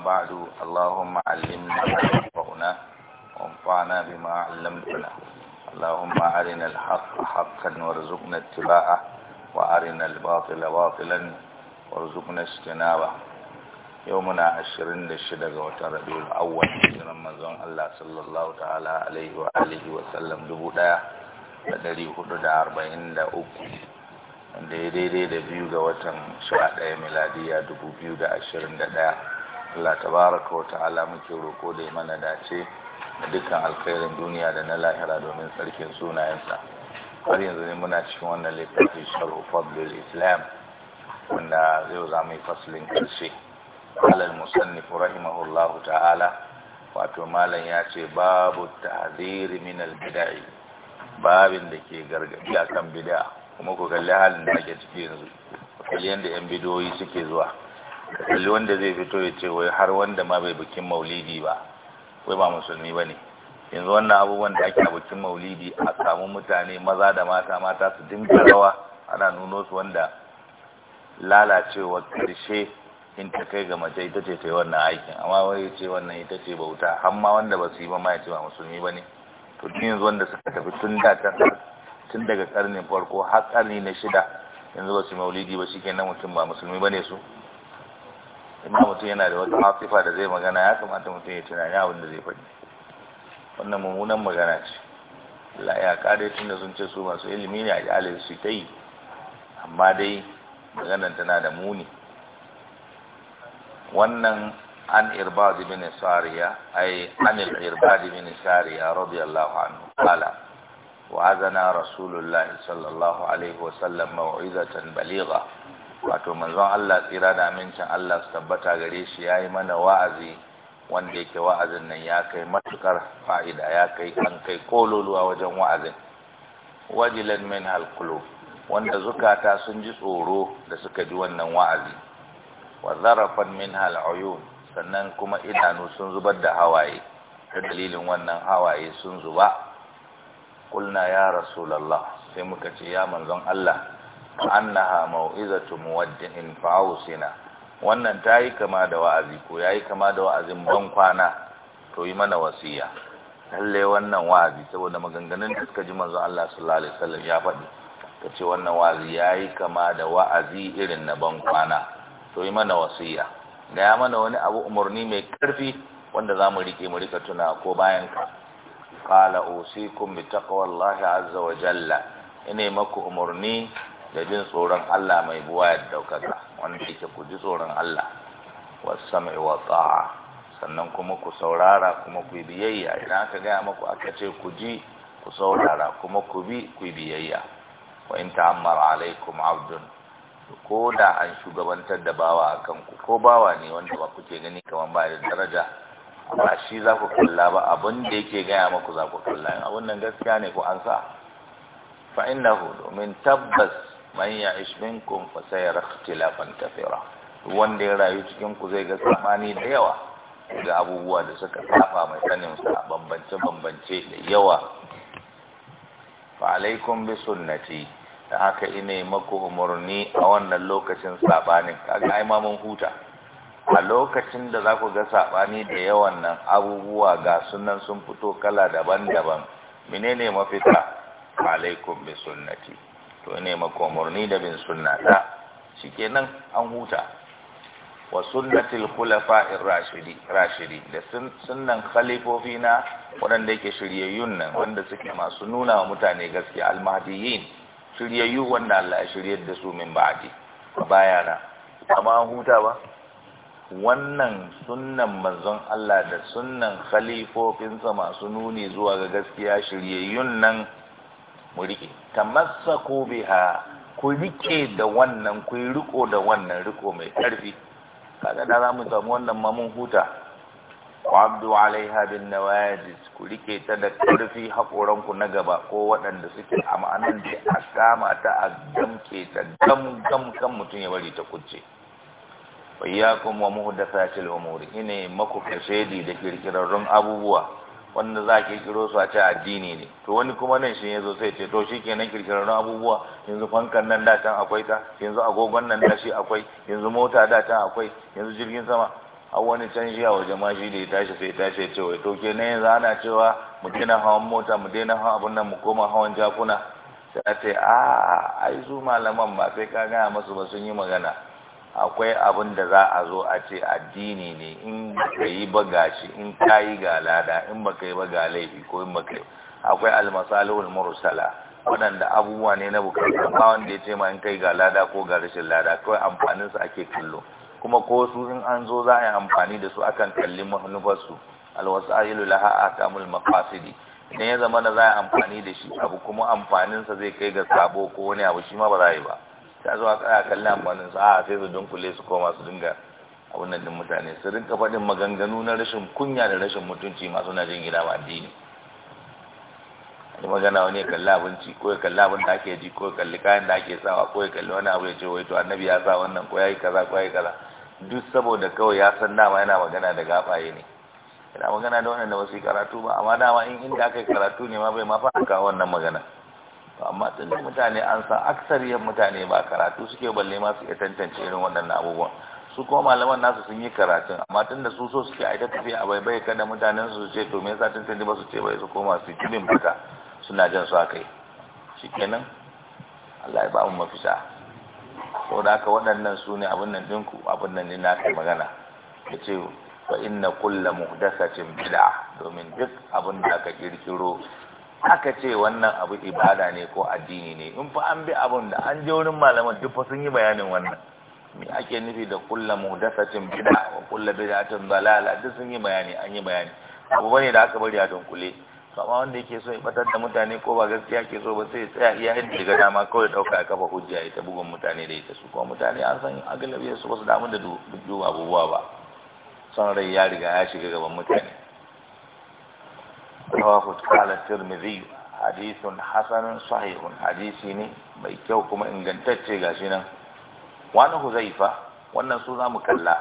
ba'du allahumma allimna wa'na wanfa'na bima 'allamtana allahumma arinal haqqo haqqan warzuqna ittiba'a wa arinal batila batilan warzuqna istinaba yawmuna 26 ga watan rabiul awwal sanan manzon allah sallallahu ta'ala alayhi wa alihi wa sallam dubu daya da 443 daidai da biyu ga watan sha ɗaya miladiya dubu biyu da ashirin ɗaya Allah tabaraka wa ta'ala muke roko da mana dace da dukkan alkhairin duniya da na lahira domin tsarkin sunayensa har yanzu ne muna cikin wannan littafi sharhu fadlul islam wanda zai za mu yi faslin karshe alal musannif rahimahullahu ta'ala wato malam ya ce babu tahzir min al-bida'i babin da ke gargadi akan bid'a kuma ku kalli halin da ake ciki yanzu kalli yanda yan bidoyi suke zuwa kalli wanda zai fito ya ce wai har wanda ma bai bikin maulidi ba wai ba musulmi ba ne yanzu wannan abubuwan da ake bikin maulidi a samu mutane maza da mata mata su dinga rawa ana nuno su wanda lalacewa karshe in ta kai ga mace ita ce ta yi wannan aikin amma wai ya ce wannan ita ce bauta har ma wanda ba su yi ba ma ya ce ba musulmi ba ne to yanzu wanda suka tafi tun da tun daga karnin farko har karni na shida yanzu ba su maulidi ba shi kenan mutum ba musulmi ba ne su ma mutum yana da wata hafifa da zai magana ya kamata mutum ya tunani abin da zai faɗi wannan mummunan magana ce Allah ya tun da sun ce su masu ilimi ne a jihar su ta yi amma dai maganar tana da muni wannan an irbadi bin sariya ay an irbadi bin sariya radiyallahu anhu wa azana rasulullahi sallallahu alaihi wa sallam mau'izatan wato manzon Allah tsira da amincin Allah su tabbata gare shi ya yi mana wa'azi wanda yake wa'azin nan ya kai matukar fa'ida ya kai an kai kololuwa wajen wa'azin wajilan min Kulo, wanda zukata sun ji tsoro da suka ji wannan wa'azi wa zarafan min sannan kuma idanu sun zubar da hawaye ta dalilin wannan hawaye sun zuba kulna ya rasulallah sai muka ce ya manzon Allah annaha mau'izatu muwajjihin fa'usina wannan tayi kama da wa'azi ko yayi kama da wa'azin ban kwana to yi mana wasiya lalle wannan wa'azi saboda maganganun da suka ji manzo Allah sallallahu alaihi wasallam ya faɗi kace wannan wa'azi yayi kama da wa'azi irin na ban kwana to yi mana wasiya ga ya mana wani abu umarni mai karfi wanda zamu rike mu rika tuna ko bayan ka qala usikum bi taqwallahi azza wa jalla ina maku umarni da jin tsoron Allah mai buwa ya daukaka wanda yake ku ji tsoron Allah wasam'i wa ta'a sannan kuma ku saurara kuma ku biyayya idan aka gaya maku aka ce ku ji ku saurara kuma ku bi ku biyayya wa in ta'ammara alaikum abdun ko da an shugabantar da bawa a kanku ko bawa ne wanda ba kuke gani kamar ba da daraja ba shi za ku kalla ba abin da yake gaya maku za ku kalla abin nan gaskiya ne ku an sa fa'innahu domin tabbas man ya'ish minkum fa sayara ikhtilafan kathira wanda ya rayu cikin ku zai ga sabani da yawa ga abubuwa da suka saba mai sanin sa bambance bambance da yawa fa alaikum bi sunnati da haka ina maku umarni a wannan lokacin sabanin kaga ai ma huta a lokacin da za ku ga sabani da yawan nan abubuwa ga sunan sun fito kala daban-daban menene mafita alaikum bi sunnati to ne makomarni da bin sunna ta shikenan an huta wa sunnatil khulafa'ir rashidi rashidi da sunnan khalifofi na waɗanda yake shiryayyun nan wanda suke masu nuna wa mutane gaskiya al al-mahdiyin shiryayyu wanda Allah ya shiryar da su min ba'di bayana amma an huta ba wannan sunnan manzon Allah da sunnan sa masu nuni zuwa ga gaskiya shiryayyun nan mu riƙe tamassaku biha ku riƙe da wannan ku riƙo da wannan riƙo mai ƙarfi. kaga da za mu samu wannan ma mun huta abdu alaiha bin nawajis ku riƙe ta da karfi haƙoranku na gaba ko waɗanda suke a ma'anar da a kama ta a gamke ta gam gam kan mutum ya bari ta kunce bayyakum wa muhdathatil umuri ine maku kashedi da kirkirarrun abubuwa wanda za a kirkiro su a ce addini ne to wani kuma nan shi yazo sai ce to shikenan kirkirarrun abubuwa yanzu fankan nan da can akwai ta yanzu agogon nan da shi akwai yanzu mota da can akwai yanzu jirgin sama a wani can shi a waje ma shi da ya tashi sai tashi ya ce wai to kenan yanzu ana cewa mu daina hawan mota mu daina hawan abun nan mu koma hawan jakuna sai a ce a ai su malaman ba sai ka gaya masu ba sun yi magana akwai abin da za a zo a ce addini ne in ka yi ba gashi in ka yi ga lada in ba ka yi ba ga ko in ba ka yi akwai almasalihul mursala waɗanda abubuwa ne na bukata ba wanda ya ce ma in kai ga lada ko ga rashin lada kawai amfanin su ake kallo kuma ko su in an zo za a yi amfani da su akan kalli manufarsu alwasailu laha akamul maqasidi idan ya zama da za a yi amfani da shi abu kuma amfaninsa zai kai ga sabo ko wani abu shi ma ba za yi ba ta a zo a kara kallon amfanin su a sai su dunkule su koma su dinga abin nan mutane su rinka faɗin maganganu na rashin kunya da rashin mutunci masu na jin gida ba addini da magana wani ya kalli abinci ko kalli abin da ake ji ko kalli kayan da ake sawa ko kalli wani abu ya ce wai to annabi ya sa wannan ko ya kaza ko ya kaza duk saboda kawai ya san dama yana magana da gafaye ne yana magana da wannan da wasu karatu ba amma dama in inda aka yi karatu ne ma bai ma fara kawo wannan magana to amma tun da mutane an sa aksariyar mutane ba karatu suke balle ma su iya tantance irin wannan abubuwan su kuma malaman nasu sun yi karatun amma tun da su so suke aita tafiya a baibai kada mutanen su ce to me yasa tantance ba su ce bai su koma su jibin baka suna jan su akai shikenan Allah ya ba mu mafita saboda haka waɗannan su ne abin nan ɗinku abin nan ne na kai magana ya ce fa inna kulla muhdathatin bid'a domin duk abin da aka kirkiro aka ce wannan abu ibada ne ko addini ne in fa an bi abun da an je wurin malaman duk fa sun yi bayanin wannan me ake nufi da kullu muhdathatin bid'a wa kullu bid'atin dalala duk sun yi bayani an yi bayani abu bane da aka bari a dunkule to amma wanda yake so ya batar da mutane ko ba gaskiya ke so ba sai ya tsaya iya yadda daga dama kawai dauka a kafa hujja ya ta bugun mutane da ita su kuma mutane an san agalabiyar su ba su damu da duk abubuwa ba son rai ya riga ya shiga gaban mutane rawahu qala tirmidhi hadithun hasanun sahihun hadisi ne mai kyau kuma ingantacce gashi nan wani huzaifa wannan su zamu kalla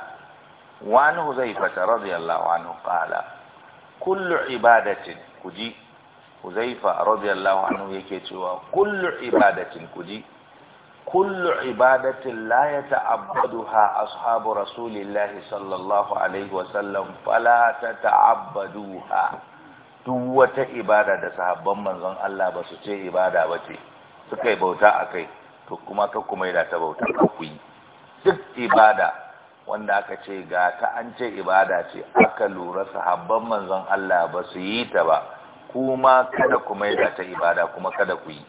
wani huzaifa ta radiyallahu anhu qala kullu ibadatin kuji huzaifa radiyallahu anhu yake cewa kullu ibadatin kuji kullu ibadatin la yata'abbaduha ashabu rasulillahi sallallahu alaihi wa wasallam fala tata'abbaduha duk wata ibada da sahabban manzon Allah ba su ce ibada ba ce suka yi bauta a kai to kuma ka kuma yi da ta bauta ka ku yi duk ibada wanda aka ce ga ta an ce ibada ce aka lura sahabban manzon Allah ba su yi ta ba kuma kada kuma yi da ta ibada kuma kada ku yi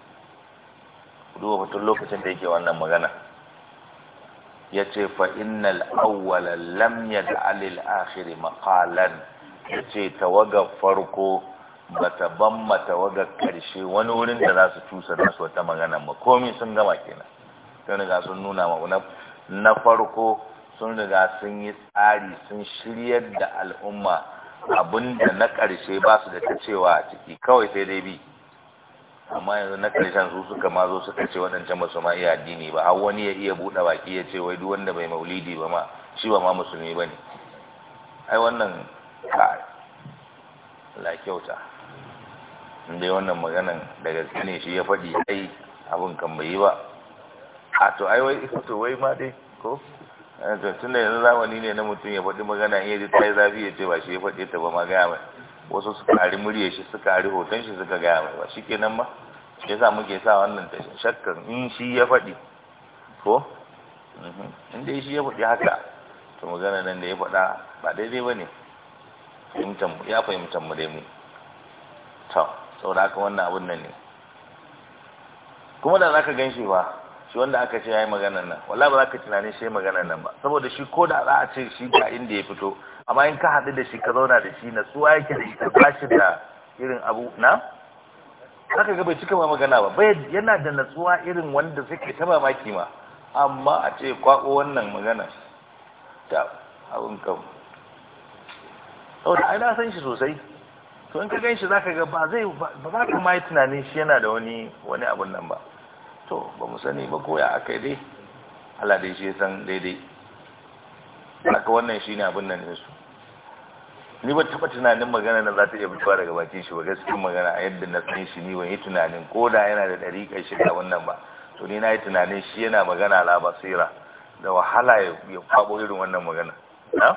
duba batun lokacin da yake wannan magana ya ce fa innal awwala lam yad'al al akhir maqalan ya ce tawagar farko ba ta ban ma tawagar ƙarshe wani wurin da za su cusa da su wata magana ba komi sun gama kenan sun riga sun nuna ma na farko sun riga sun yi tsari sun shiryar da al'umma abinda na ƙarshe ba su da ta cewa a ciki kawai sai dai bi amma yanzu na ƙarshen su suka ma zo suka ce waɗancan ba su ma iya addini ba har wani ya iya buɗe baki ya ce wai duk wanda bai maulidi ba ma shi ba ma musulmi ba ne ai wannan Kare, la kyauta indai wannan maganan da gaske ne shi ya faɗi ai abin kan bai yi ba a to ai wai to wai ma dai ko eh, to tun da yanzu zamani ne na mutum ya faɗi magana in ta yi zafi ya ce ba shi ya faɗi ta ba ma gaya mai wasu su kari murya shi su kari hoton shi suka gaya mai ba shi kenan ba shi yasa muke sa wannan tashin shakkan in shi ya faɗi ko mhm. in dai shi ya faɗi haka to magana nan da ya faɗa ba daidai ba ne ya fahimtar mu dai mu to saboda wannan abun nan ne kuma da zaka ganshi ba shi wanda aka ce ya yi maganan nan wala ba za ka tunanin shi ya yi maganan nan ba saboda shi ko da za a ce shi ga inda ya fito amma in ka haɗu da shi ka zauna da shi na tsuwa yake da shi ka shi da irin abu na ka ga bai cika ma magana ba bai yana da natsuwa irin wanda suke ta mamaki ma amma a ce kwako wannan magana ta abin kan saboda ai na san shi sosai to in ka gan shi za ka ga ba zai ba za ka mai tunanin shi yana da wani wani abun nan ba to ba mu sani ba ko ya aka dai Allah dai shi ya san daidai haka wannan ne abun nan ne su ni ba taba tunanin magana na za ta iya fitowa daga bakin shi ba gaskiyar magana a yadda na san shi ni ban yi tunanin ko da yana da dariƙar shiga wannan ba to ni na yi tunanin shi yana magana la basira da wahala ya kwabo irin wannan magana na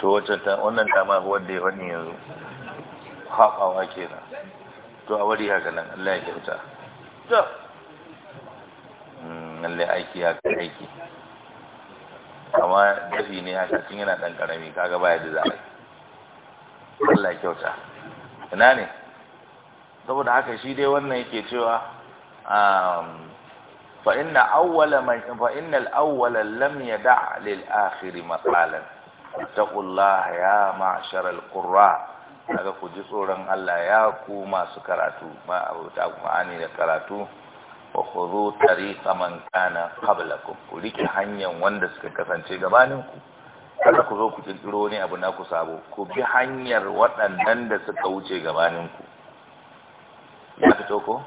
to wacce ta wannan dama wanda ya wani yanzu ke kenan to a wari haka nan Allah ya kyauta to hmm, lallai aiki ya kai aiki amma dafi ne haka tun yana dan karami kaga baya da za'a Allah ya kyauta ina ne saboda haka shi dai wannan yake cewa um, fa inna awwala man fa innal awwala lam yada' lil akhir maqalan taqullaha ya ma'sharal qurra daga ku ji tsoron Allah ya ku masu karatu ma abuta ma'ani da karatu wa khudhu tariqa man kana qablakum ku rike hanyar wanda suka kasance gabanin ku kada ku zo ku kirkiro ne abu na ku sabo ku bi hanyar waɗannan da suka wuce gabaninku. ku ya fito ko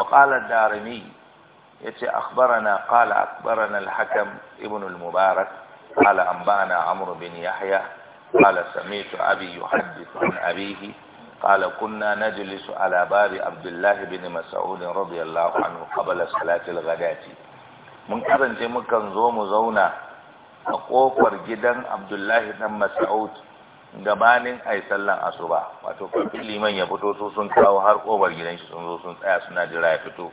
wa qala darimi yace akhbarana qala akhbarana al-hakam ibn al-mubarak قال أنبأنا عمرو بن يحيى قال سمعت أبي يحدث عن أبيه قال كنا نجلس على باب عبد الله بن مسعود رضي الله عنه قبل صلاة الغداة mun karance mukan zo mu zauna a kofar gidan Abdullahi dan Mas'ud gabanin ai sallan asuba wato kafin liman ya fito su sun kawo har kofar gidan shi sun zo sun tsaya suna jira ya fito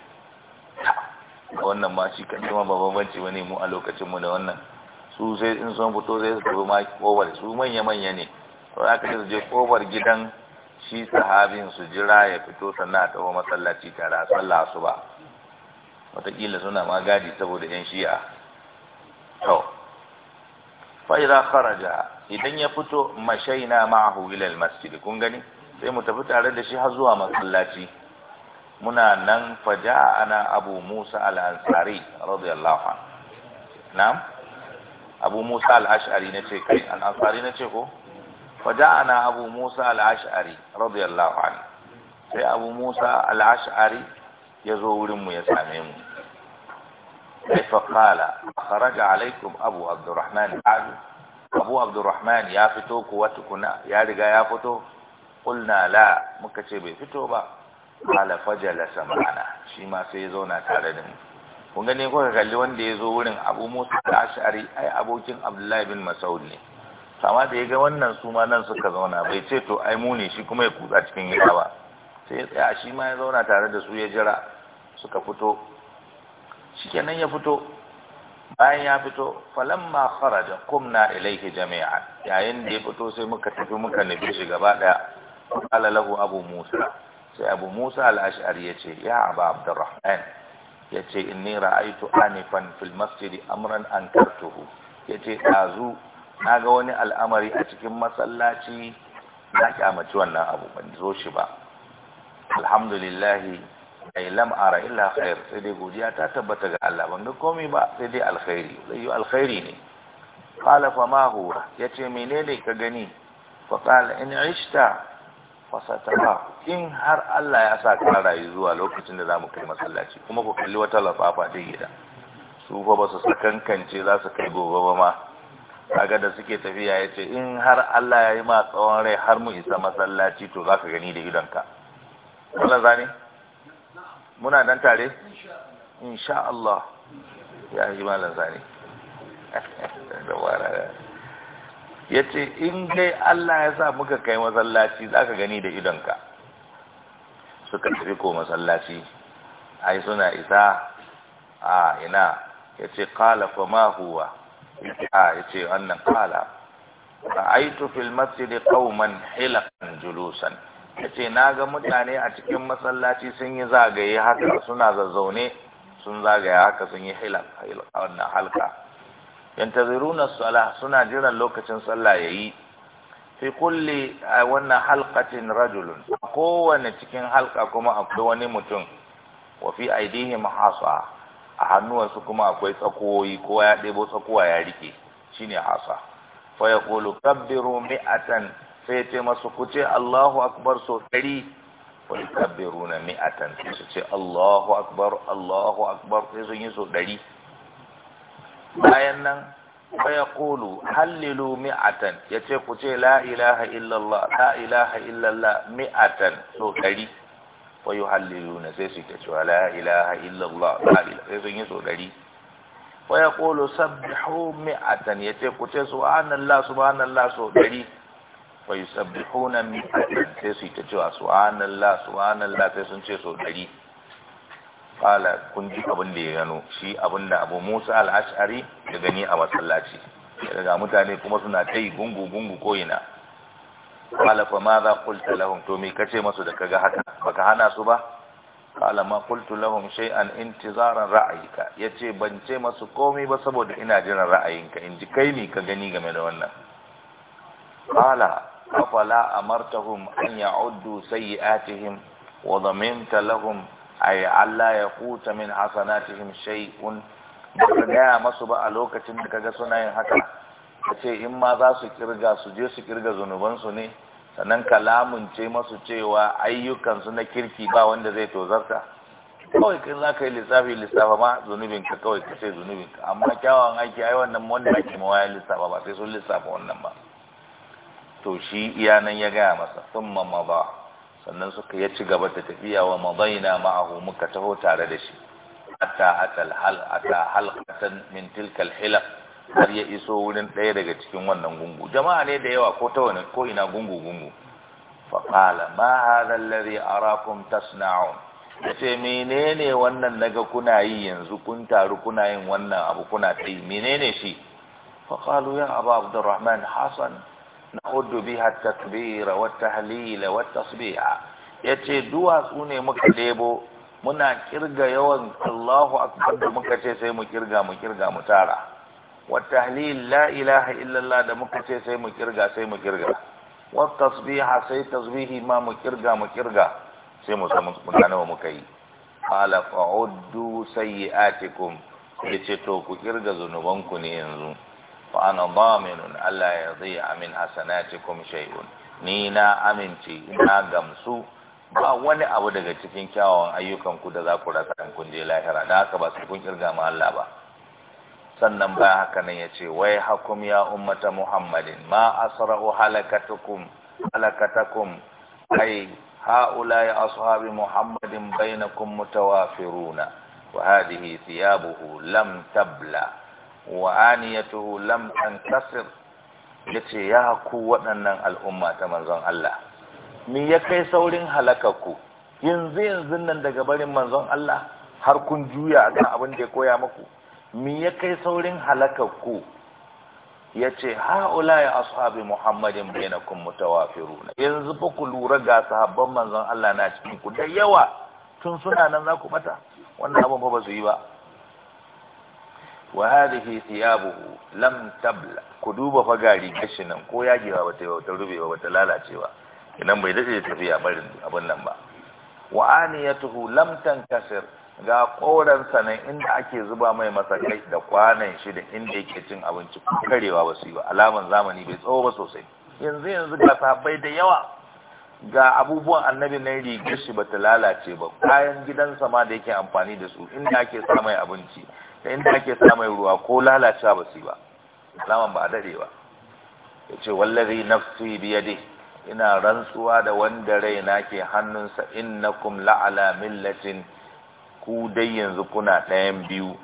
wannan ma shi kan ma babban wani mu a lokacinmu da wannan su sai in sun fito zai su tafi maki kofar su manya-manya ne to za ka su je kofar gidan shi sahabin su jira ya fito sannan a taho masallaci tare a sallah su ba wataƙila suna ma gadi saboda yan shi'a to fa'ira kharaja idan ya fito mashaina ma'ahu ilal masjid kun gani sai mu tafi tare da shi har zuwa masallaci muna nan faja ana abu musa al-ansari radiyallahu anhu na'am abu musa al-ash'ari na ce kai al na ce ko faja'ana abu musa al-ash'ari radiyallahu anhu sai abu musa al-ash'ari ya zo wurinmu ya same mu sai fa qala kharaja alaikum abu abdurrahman azu abu abdurrahman ya fito ku wata kuna ya riga ya fito qulna la muka ce bai fito ba qala fajalasa sama'ana. shi ma sai ya zauna tare da mu kun gane kuka kalli wanda ya zo wurin abu musa da ashari ai abokin abdullahi bin masaud ne sama da ya ga wannan su ma nan suka zauna bai ce to ai mu ne shi kuma ya kutsa cikin gida ba sai ya tsaya shi ma ya zauna tare da su ya jira suka fito kenan ya fito bayan ya fito falan da kharaja na ilaiki jami'a yayin da ya fito sai muka tafi muka nufi shi gaba daya qala lahu abu musa sai abu musa al-ash'ari yace ya abu abdurrahman yace inni ra'aytu anifan fil masjidi amran ankartuhu yace na ga wani al'amari a cikin masallaci na kyamaci wannan abu ban zo shi ba alhamdulillahi ai lam ara illa khair sai dai godiya ta tabbata ga Allah ban ga komai ba sai dai alkhairi sai alkhairi ne qala fa ma huwa yace menene ka gani fa qala in ishta fasatara in har Allah ya sa ka rayu zuwa lokacin da za mu kai masallaci kuma ku kalli wata lafafa ta gida su fa ba su sakankance za su kai gobe ba ma kaga da suke tafiya ya ce in har Allah ya yi ma tsawon rai har mu isa masallaci to za ka gani da gidanka, wannan zane muna dan tare insha Allah ya yi malan zane da wara ya ce in dai Allah ya sa muka kai masallaci za ka gani da idonka suka tafi ko masallaci ai suna isa a ina ya ce kala fa ma huwa a ya wannan kala ra'aitu fil da qauman hilakan julusan ya ce na ga mutane a cikin masallaci sun yi zagaye haka suna zazzaune sun zagaye haka sun yi hilak wannan halka yantaziruna salah suna jiran lokacin sallah yayi fi kulli wannan halqatin rajulun kowanne cikin halka kuma akwai wani mutum wa fi aidihim hasa a hannuwansu kuma akwai tsakoyi kowa ya ɗebo tsakuwa ya rike shine hasa fa yaqulu kabbiru mi'atan sai ya ce masu ku ce Allahu akbar so ɗari fa na mi'atan sai su ce Allahu akbar Allahu akbar sai sun yi so ɗari bayan nan ya kulu hallilu mi'atan ya ce ku ce la ilaha illallah la ilaha illallah mi'atan so ɗari wa yi na sai su ta cewa la ilaha illallah sai sun yi so ɗari wa ya kulu sabbihu mi'atan ya ce ku ce subhanallah subhanallah so ɗari wa yi sabbihuna mi'atan sai su ta cewa subhanallah subhanallah sai sun ce so ɗari kala kun ji abin da ya gano shi abin da abu musa al'ashari da gani a masallaci daga mutane kuma suna ta yi gungu gungu ko'ina kala fa ma za kulta lahum to me kace masu da kaga haka baka hana su ba kala ma kultu lahum shay'an intizaran ra'ayika ce ban ce masu komai ba saboda ina jiran ra'ayinka in ji kai me ka gani game da wannan kala afala amartahum an ya'uddu sayyi'atihim wa dhaminta lahum ay Allah ya kuta min hasanatihim shay'un ba gaya masu ba a lokacin da kaga suna yin haka ka ce in ma za su kirga su je su kirga zunubansu ne sannan kalamun ce masu cewa ayyukansu na kirki ba wanda zai tozarta kawai kin za ka yi lissafi lissafa ma ka kawai ka ce ka. amma kyawawan aiki ai wannan wanda ake mawaya lissafa ba sai sun lissafa wannan ba to shi iya nan ya gaya masa sun mamma ba sannan suka ya ci gaba da tafiya wa madaina ma'ahu muka taho tare da shi hatta atal hal ata halqatan min tilka har ya iso wurin ɗaya daga cikin wannan gungu jama'a ne da yawa ko ta wani ko ina gungu gungu fa qala ma hadha alladhi arakum tasna'un yace menene wannan naga kuna yi yanzu kun taru kuna yin wannan abu kuna ta yi menene shi fa qalu ya aba abdurrahman hasan نعد بها التكبير والتهليل والتصبيح yace duwatsu ne muka debo muna kirga yawan Allahu akbar da muka ce sai mu kirga mu kirga mu tara wa tahlil la ilaha illallah da muka ce sai mu kirga sai mu kirga wa tasbiha sai tasbihi ma mu kirga mu kirga sai mu samu mu gane muka yi qala fa'uddu sayyi'atikum yace to ku kirga zunubanku ne yanzu fa ana dhaminun Allah ya zai min hasanatikum shay'un ni na amince na gamsu ba wani abu daga cikin kyawawan ayyukan ku da za ku rasa in kun je lahira da haka ba su kun kirga ma Allah ba sannan ba haka nan ya ce wai hakum ya ummata muhammadin ma asra'u halakatukum halakatakum ai ashabi muhammadin bainakum mutawafiruna wa وهذه thiyabuhu lam tabla. wa aniyatuhu lam tankasir yace ya ku waɗannan al'umma ta manzon Allah me ya kai saurin halakaku yanzu yanzu nan daga barin manzon Allah har kun juya akan abin da ya koya muku me ya kai saurin halakaku yace ula ya ashabi muhammadin bainakum mutawafirun yanzu fa ku lura ga sahabban manzon Allah na cikin ku da yawa tun suna nan za ku bata wannan abin fa ba su yi ba wa hadhihi thiyabuhu lam tabla ku duba fa gari gashi nan ko yagewa bata wata rubewa bata lalacewa idan bai dace tafiya barin abin nan ba wa aniyatuhu lam tankasir ga koran sanan inda ake zuba mai masakai da kwanan shi da inda yake cin abinci ko karewa ba su yi ba alaman zamani bai tsawo ba sosai yanzu yanzu ga sahabbai da yawa ga abubuwan annabi na rigar shi bata lalace ba kayan gidansa ma da yake amfani da su inda ake sa abinci da inda ake samun ruwa ko lalacewa ba su ba alaman ba a dade ba ya ce wallazi nafsi biyadi ina rantsuwa da wanda raina ke hannunsa kum la'ala millatin ku dai yanzu kuna ɗayan biyu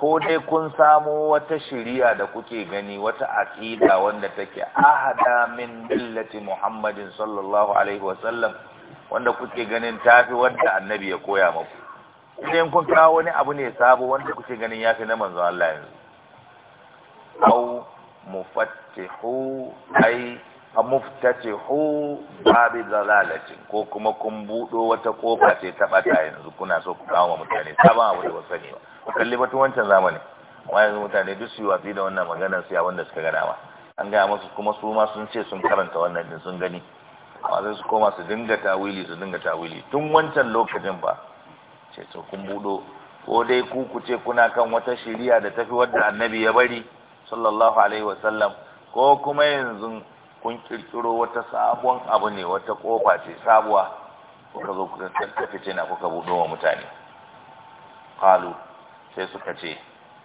ko dai kun samo wata shiriya da kuke gani wata aqida wanda take ahada min millati muhammadin sallallahu alaihi wasallam wanda kuke ganin tafi wanda annabi ya koya muku sai kun kawo wani abu ne sabo wanda kuke ganin ya fi na manzon Allah yanzu au mufattihu ai muftatihu babi dalalatin ko kuma kun budo wata kofa ce ta bata yanzu kuna so ku kawo mutane sabon abu da wasu sani ba kalli batun wancan zamani amma yanzu mutane duk su yi watsi da wannan maganar su ya wanda suka gana ma an gaya musu kuma su ma sun ce sun karanta wannan din sun gani amma sai su koma su dinga tawili su dinga tawili tun wancan lokacin ba ce to kun budo ko dai ku ku ce kuna kan wata shiriya da tafi wadda annabi ya bari sallallahu alaihi wasallam ko kuma yanzu kun kirkiro wata sabon abu ne wata kofa ce sabuwa kuka zo kuka tafi na kuka budo wa mutane qalu sai suka ce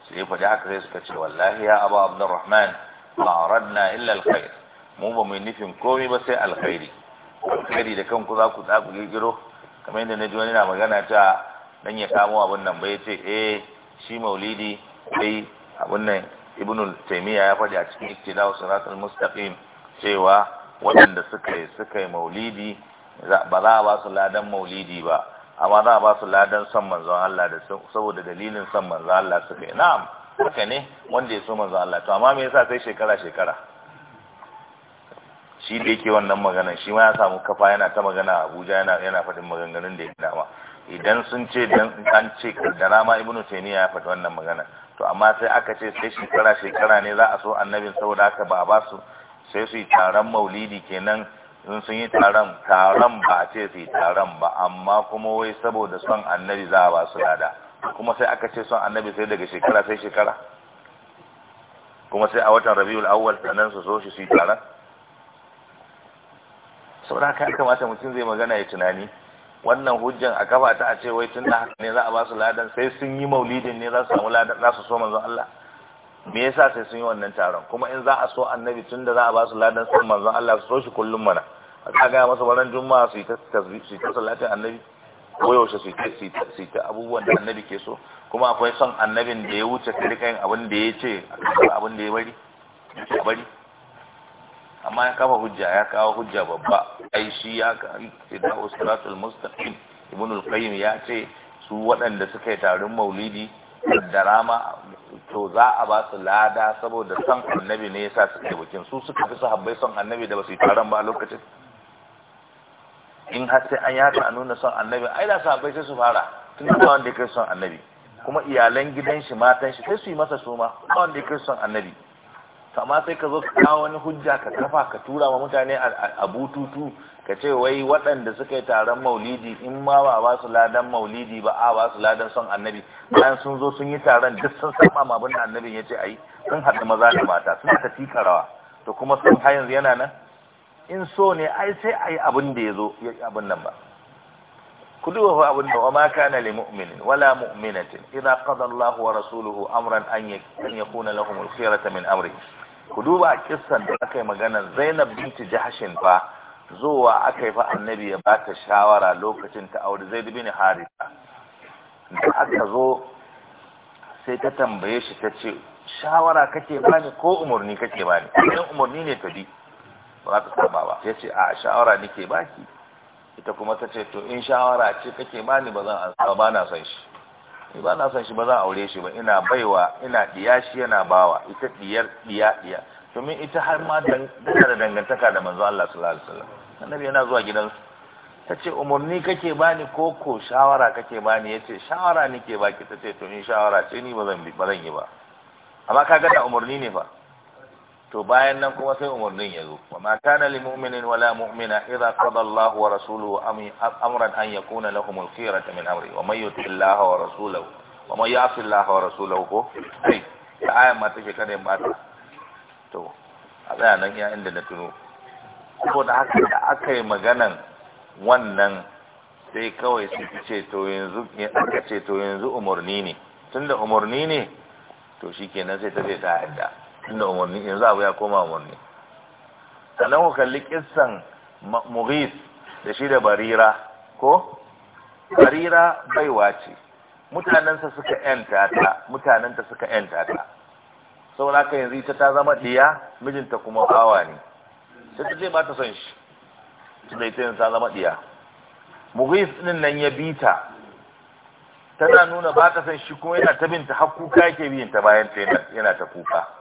sai fa da aka sai suka ce wallahi ya abu abdurrahman ma aradna illa alkhair mu ba mu nufin komai ba sai alkhairi alkhairi da kanku za ku za ku girgiro kamar yadda na ji wani na magana ta dan ya kamo abun nan bai ce eh shi maulidi sai abun nan ibnu taymiya ya faɗi a cikin iktidau siratul mustaqim cewa waɗanda suka yi suka yi maulidi ba za a ba su ladan maulidi ba amma za a ba su ladan san manzon Allah da saboda dalilin san manzon Allah suka yi na'am haka ne wanda ya so manzon Allah to amma me yasa sai shekara shekara shi da yake wannan magana shi ma ya samu kafa yana ta magana Abuja yana yana faɗin maganganun da ya dama idan sun ce dan an ce kaddara ma ibnu taymiya ya faɗi wannan magana to amma sai aka ce sai shekara shekara ne za a so annabin saboda haka ba a ba su sai su yi taron maulidi kenan in sun yi taron taron ba a ce su yi taron ba amma kuma wai saboda son annabi za a ba su lada kuma sai aka ce son annabi sai daga shekara sai shekara kuma sai a watan rabiul awwal sanan su so shi su yi taron saboda haka kamata mutum zai magana ya tunani wannan hujjan a kafa ta a ce wai tun da haka ne za a ba su ladan sai sun yi maulidin ne za su samu ladan za su so manzon Allah me yasa sai sun yi wannan taron kuma in za a so annabi tun da za a ba su ladan sun manzon Allah su so shi kullum mana a ka gaya masa baran juma'a su yi ta salatin annabi ko yaushe su yi ta abubuwan da annabi ke so kuma akwai son annabin da ya wuce ka yin abin da ya ce abin da ya bari bari amma ya kafa hujja ya kawo hujja babba ai shi ya ka da usratul mustaqim ibn al-qayyim ya ce su waɗanda suka yi tarin maulidi da rama to za a ba su lada saboda son annabi ne yasa suke bukin su suka fi sahabbai son annabi da ba su yi taron ba lokacin in har sai an yaka a nuna son annabi ai da sahabbai sai su fara tun da wanda ya kai son annabi kuma iyalan gidan shi matan shi sai su yi masa suma ba wanda ya kai son annabi amma sai ka zo ka kawo wani hujja ka kafa ka tura wa mutane a bututu ka ce wai waɗanda suka yi taron maulidi in ma ba ba su ladan maulidi ba a ba su ladan son annabi bayan sun zo sun yi taron duk sun saba ma abin da annabin ya ce a sun haɗu maza da mata sun ta tika rawa to kuma sun ha yanzu yana nan in so ne ai sai a yi abin da ya zo ya abin nan ba ku duba abin da wa ma kana li mu'minin wala mu'minatin idza qada Allahu wa rasuluhu amran an yakuna lahumul khiyarata min amrihim ku duba kissan da aka yi magana zainab binti jahashin fa zuwa aka yi fa annabi ya ba ta shawara lokacin ta aure zaid bin harita da aka zo sai ta tambaye shi ta ce shawara kake bani ko umarni kake bani idan umarni ne ta bi ba za ta saba ba ya ce a shawara nake baki ita kuma ta ce to in shawara ce kake bani ba zan ansa ba na son shi ni ba na son shi ba zan aure shi ba ina baiwa ina diya shi yana bawa ita diyar diya diya domin ita har ma dan da dangantaka da manzo Allah sallallahu alaihi wasallam annabi yana zuwa gidansu ta ce umarni kake bani ko ko shawara kake bani yace shawara nake baki ta ce to in shawara ce ni ba zan yi ba amma kaga da umarni ne fa to bayan nan kuma sai umarnin ya zo wa ma kana lil mu'minin wala mu'mina idza qada Allah wa rasuluhu amran an yakuna lahum al khiyaratu min amri wa may yuti Allah wa rasuluhu wa may ya'si Allah wa rasuluhu ko ai ta aya ma take kada ba ta to a tsaya nan ya inda na tuno da haka da aka yi maganan wannan sai kawai su ce to yanzu aka ce to yanzu umarni ne tunda umarni ne to shikenan sai ta zai ta hadda inda umarni yanzu abu ya koma umarni sannan ku kalli kissan mughis da shi da barira ko barira baiwa ce mutanensa suka yanta ta mutanenta suka yanta ta saboda haka yanzu ita ta zama diya mijinta kuma bawa ne sai ta ce ba ta son shi tunda ita yanzu ta zama diya mughis din nan ya bita tana nuna ba ta son shi kuma yana ta binta hakkuka yake binta bayan ta yana ta kuka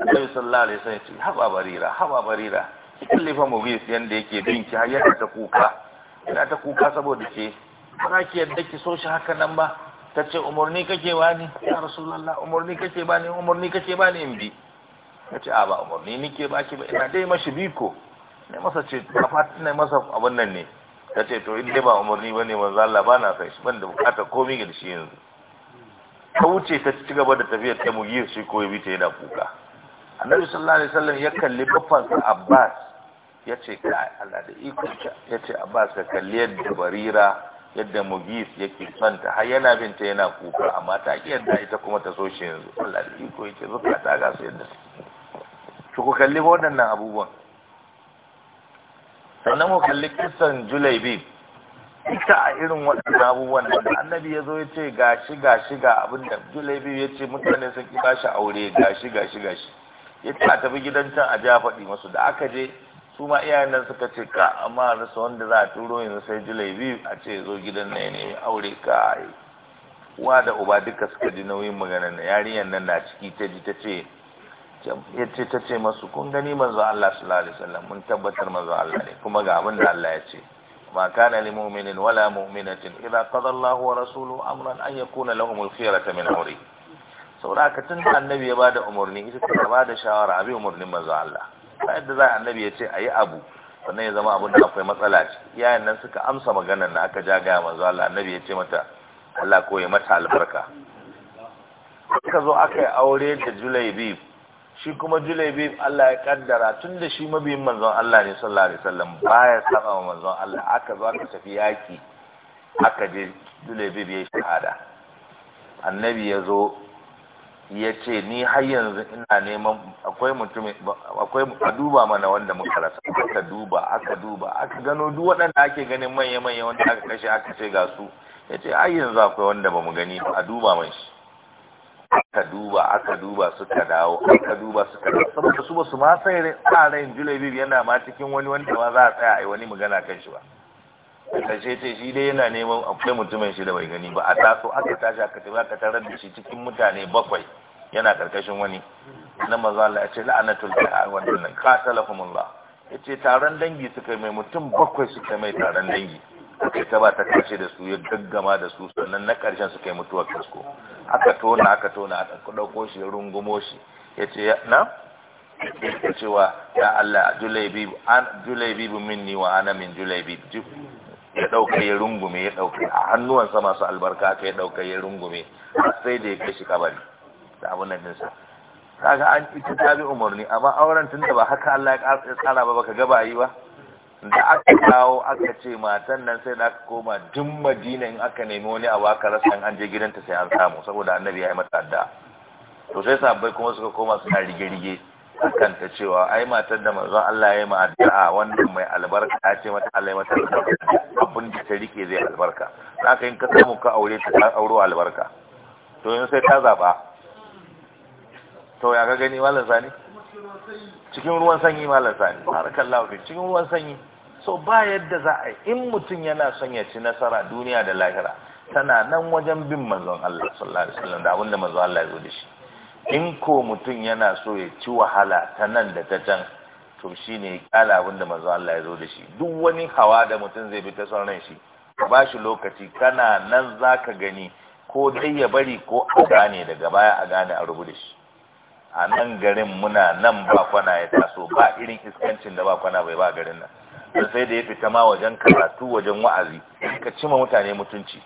annabi sallallahu alaihi wasallam ya ce haba barira haba barira kulli fa mubis yanda yake binki har yadda ta kuka yana ta kuka saboda ke ba ki yadda ki so shi haka nan ba ta ce umarni kake ba ni ya lalla umarni kake ba ni umarni kake ba ni in bi ta ce a ba umarni nike ba ki ba ina dai mashi biko ne masa ce ba fatan ne masa abin nan ne ta ce to in dai ba umarni ba ne manzo Allah ba na san shi ban da bukatar komai ga shi yanzu ta wuce ta ci gaba da tafiyar ta mu yi shi ko ya bi ta yana kuka annabi sallallahu alaihi wasallam ya kalli baffansa abbas ya ce kai Allah da ta ya ce abbas ka kalli yadda barira yadda mugis yake son ta har yana binta yana kuka amma ta ki yadda ita kuma ta so shi yanzu Allah da iko yake zuka ta ga su yadda su ku kalli waɗannan abubuwan sannan ku kalli kisan julaibi ita a irin waɗannan abubuwan da annabi ya zo ya ce gashi gashi ga abin da julaibi ya ce mutane sun ki bashi aure gashi gashi gashi ya ce a tafi gidan can a ja faɗi masu da aka je su ma iyayen nan suka ce ka amma rasa wanda za a turo yanzu sai ji biyu a ce zo gidan na ne aure ka wa da uba duka suka ji nauyin magana na yarinyar nan na ciki ta ji ta ce ya ta ce masu kun gani manzo Allah sallallahu alaihi wasallam mun tabbatar manzo Allah ne kuma ga abin da Allah ya ce ma kana lil mu'minin wala mu'minatin idan qada wa rasuluhu amran an yakuna lahumul khiyaratu min aure. sauraka tun da annabi ya ba da umarni ita ta ba da shawara abin umarnin manzo Allah ta yadda za annabi ya ce a yi abu sannan ya zama abin da akwai matsala ce iyayen nan suka amsa maganar na aka jagaya manzo Allah annabi ya ce mata Allah ko ya mata albarka aka zo aka yi aure da Julaibib shi kuma biyu Allah ya kaddara tun da shi mabiyin manzon Allah ne sallallahu alaihi wasallam baya saba wa manzon Allah aka zo aka tafi yaki aka je Julaibib ya shahada annabi ya zo ya ce ni har yanzu ina neman akwai mutum akwai a duba mana wanda muka rasa aka duba aka duba aka gano duk waɗanda ake ganin manya manya wanda aka kashe aka ce ga su ya ce ai yanzu akwai wanda ba mu gani a duba mai shi aka duba aka duba suka dawo aka duba suka dawo saboda su ba su ma sai ran jilabi yana ma cikin wani wanda ma za a tsaya a yi wani magana kan shi ba karshe ce shi dai yana neman akwai mutumin shi da bai gani ba a taso aka tashi aka tafi aka tarar da shi cikin mutane bakwai yana karkashin wani na maza Allah ya ce la'anatul ya wannan nan qatalahumullah yace taron dangi suka mai mutum bakwai suka mai taron dangi aka ta ba ta kace da su ya gaggama da su sannan na karshen suka yi mutuwa kasko aka tona aka tona aka dauko shi ya rungumo shi yace na yace cewa ya Allah julaibi an minni wa ana min julaibi ya ɗauka ya rungume ya ɗauka a hannuwansa masu albarka ka ya ɗauka ya rungume sai da ya kai shi kabari da abin nan dinsa kaga an ita ta bi umarni amma auren tunda ba haka Allah ya tsara ba baka gaba yi ba da aka kawo aka ce matan nan sai da aka koma duk madina in aka nemi wani abu aka rasa an je gidanta sai an samu saboda annabi ya yi mata addu'a to sai sabbai kuma suka koma suna rige-rige akan ta cewa ai matar da manzon Allah ya yi ma addu'a wannan mai albarka ya ce mata Allah ya mata albarka abin da ta rike zai albarka ka in ka samu ka aure ta auro albarka to yin sai ta zaba to ya ka gani malam sani cikin ruwan sanyi malam sani barakallahu fi cikin ruwan sanyi so ba yadda za a in mutum yana son ya ci nasara duniya da lahira tana nan wajen bin manzon Allah sallallahu alaihi wasallam da abin da manzon Allah ya zo da shi in ko mutum yana so ya ci wahala ta nan da ta can to shi ne kala abin da mazu Allah ya zo da shi duk wani hawa da mutum zai bi ta son ran shi ka ba shi lokaci kana nan za ka gani ko dai ya bari ko a gane daga baya a gane a rubu da shi a nan garin muna nan ba kwana ya taso ba irin iskancin da ba kwana bai ba garin nan don sai da ya fita ma wajen karatu wajen wa'azi ka cima mutane mutunci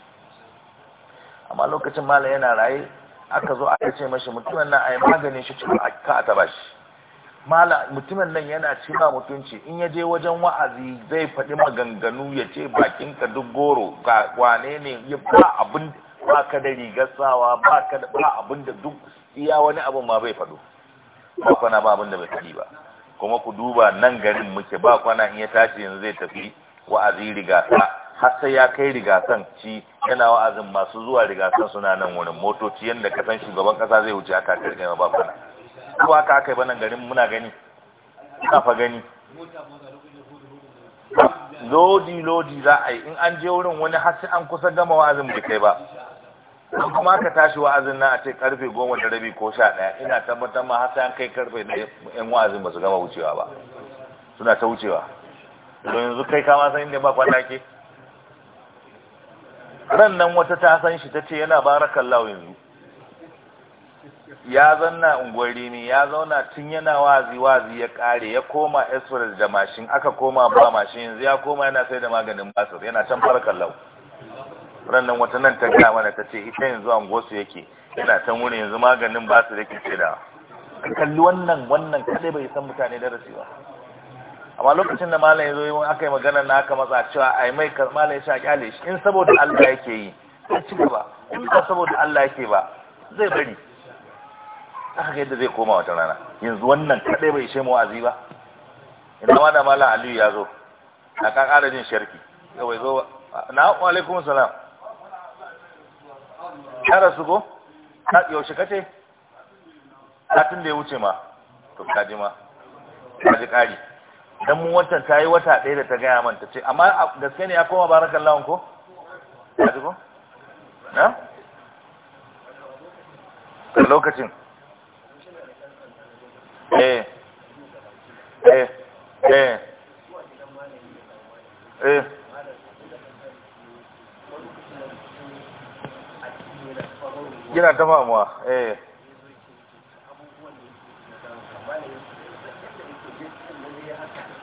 amma lokacin malam yana raye aka zo aka ce mashi mutumin nan a yi maganin shi cikin ka a taba shi mala mutumin nan yana cima mutunci in ya je wajen wa'azi zai faɗi maganganu ya ce ka duk goro ga wane ne ya ba abin ba ka da rigar sawa ba ka da ba abin da duk iya wani abin ma bai faɗo ba kwana ba abin da bai faɗi ba kuma ku duba nan garin muke ba kwana in ya tashi yanzu zai tafi wa'azi riga har sai ya kai rigasan ci yana wa'azin masu zuwa rigasan suna nan wurin motoci yadda ka san shugaban kasa zai wuce aka kai ga babu ko aka aka banan garin muna gani kafa gani lodi lodi za a yi in an je wurin wani har sai an kusa gama wa'azin bai kai ba in kuma ka tashi wa'azin na a ce karfe goma da rabi ko sha ɗaya ina tabbatar ma har sai an kai karfe da yan wa'azin ba su gama wucewa ba suna ta wucewa don yanzu kai kama san inda ba ke ran nan wata ta san shi ta ce yana barakan yanzu ya zanna unguwarri ne ya zauna tun yana wazi wazi ya kare ya koma express da mashin aka koma ba mashin yanzu ya koma yana sai da maganin basir yana can barakan lau ran nan wata nan ta gaya mana ta ce ita yanzu gosu yake yana can wuri yanzu maganin basir yake ce da kalli wannan wannan kadai bai san mutane darasi ba amma lokacin da malam ya zo yi aka yi magana na aka matsa cewa a yi mai malam ya sha kyale shi in saboda Allah yake yi a ci gaba in ba saboda Allah yake ba zai bari aka ga yadda zai koma wata rana yanzu wannan kadai bai ishe mu ba idan ma da malam Aliyu ya zo a kan ƙara jin sharki ya bai zo ba na wa alaikum salam ya rasu ko yaushe kace satin da ya wuce ma to kaji ma kaji kari dan mu wancan ta yi wata ɗaya da ta gaya man ta ce amma gaske ne ya koma barakan lawan ko? ko? na? a lokacin eh eh eh eh yana ta mamuwa eh